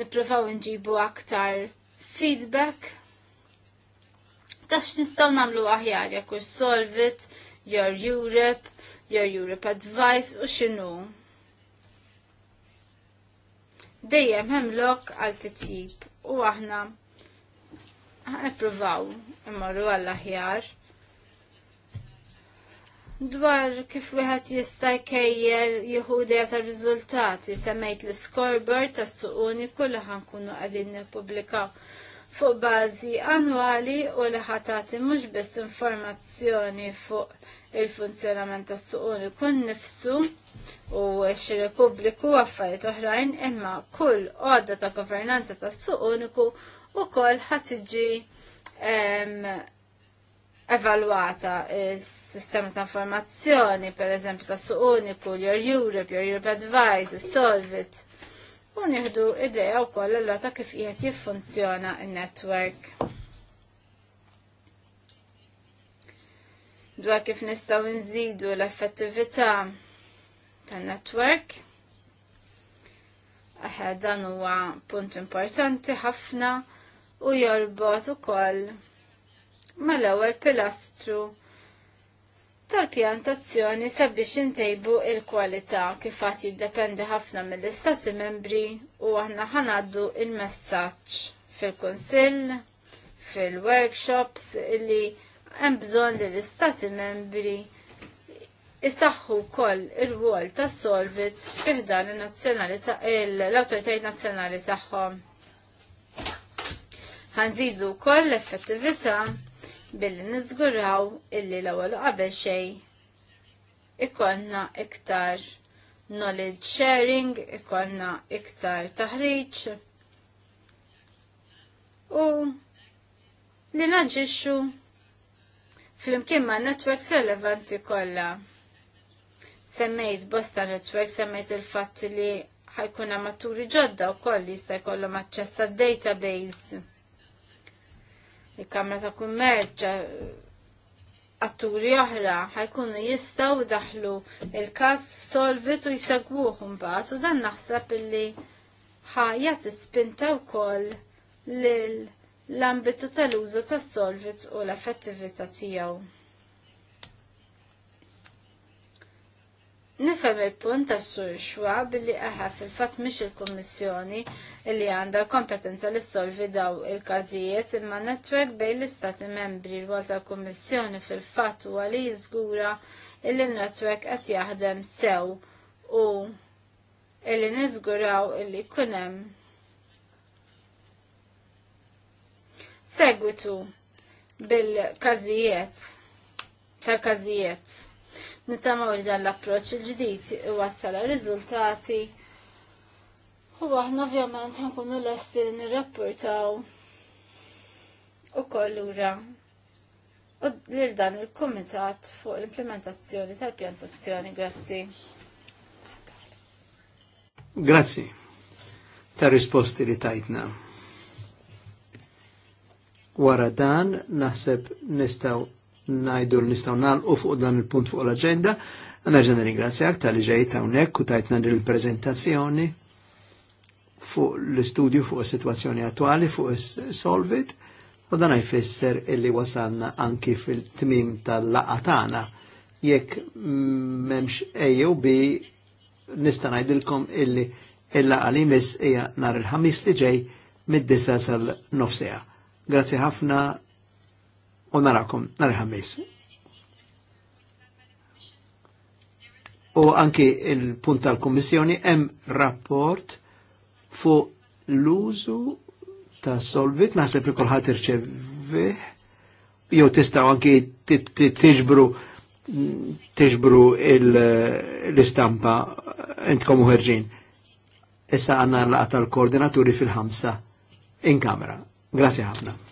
[SPEAKER 1] niprofaw nġibu aktar feedback tax nistaw namlu aħjar jekk solvit your Europe, your Europe Advice u xinu. Dejjem hemm lok għal titjib u aħna ħana provaw imorru għall-aħjar dwar kif wieħed jista' jkejjel jieħudja tar-riżultati semmejt l-scoreboard tas suquni kulla li ħankunu qegħdin nippubblikaw fuq bażi annwali u li ħatati mhux biss informazzjoni fuq il-funzjonament tas suquni kun nnifsu u x-Repubbliku u affarijiet oħrajn imma kull għodda ta' governanza tas suquniku u kol ħatiġi evalwata il-sistema ta' informazzjoni, per eżempju ta' Suuniku, Your Europe, Your Europe Advice, Solvit. Un jihdu ideja u koll l-lota kif jgħet jiffunzjona il-network. dwar kif nistaw nżidu l-effettività tan-network. Aħe dan huwa punt importanti ħafna u jorbot ukoll mal-ewwel pilastru tal-pjantazzjoni sabiex intejbu il-kwalità kifat jiddependi ħafna mill-istati membri u aħna ħanaddu il-messaġġ fil-Kunsill, fil-workshops li hemm bżonn li l-istati membri Isaħħu koll il-wol ta' solvit fiħdan l-autoritajt nazjonali tagħhom ħanżidu wkoll l-effettività billi niżguraw illi l-ewwel qabel xejn ikonna iktar knowledge sharing, ikollna iktar taħriġ u li naġixxu fl-imkien ma' networks relevanti kollha. Semmejt bosta network, semmejt il-fatt li ħajkun maturi ġodda u koll jista' jkollhom aċċess għad-database il-Kamra ta' Kummerċ atturi oħra ħajkun jistaw daħlu il-kas solvit u jisegwuh mbagħad u dan naħseb illi ħajjat spinta wkoll lil l-ambitu tal-użu tas-solvit u l-effettività tiegħu. Nifhem il-punt ta' sur xwab li aħa fil-fatt mhix il-Kummissjoni li għandha kompetenza li solvi daw il-każijiet imma netwerk bejn l-Istati membri l ta' Kummissjoni fil-fatt huwa li jiżgura n netwerk qed jaħdem sew u il-li niżguraw illi jkun hemm segwitu bil-każijiet ta' każijiet. Nittamaw li dan l-approċ il-ġdid iwassala riżultati. U aħna ovvjament l lesti li nirrapportaw u kollura u lil dan il-komitat fuq l-implementazzjoni tal-pjantazzjoni. Grazzi.
[SPEAKER 2] Grazzi ta' risposti li tajtna. Wara dan naħseb nistaw najdu l-nistaw nalqu fuq dan il-punt fuq l-agenda. Nerġan ringrazzjak tal ġejt hawnhekk u tajtna il prezentazzjoni fuq l-istudju fuq is-sitwazzjoni attwali fuq is-solvit u dan jfisser illi wasalna anki fil-tmim tal-laqa tagħna jekk m'hemmx ejjew bi nista' ngħidilkom illi il-laqa li miss hija nhar il-ħamis li ġej mid-disa sal-nofsija. Grazzi ħafna u narakom nar ħamis. U anki il-punt tal kommissjoni hemm rapport fu l-użu ta' solvit naħseb li kulħadd irċevih jew tistgħu anki tiġbru tiġbru l-istampa intkom uħerġin. Issa għanna l-għata l-koordinaturi fil-ħamsa in kamera. Grazie ħafna.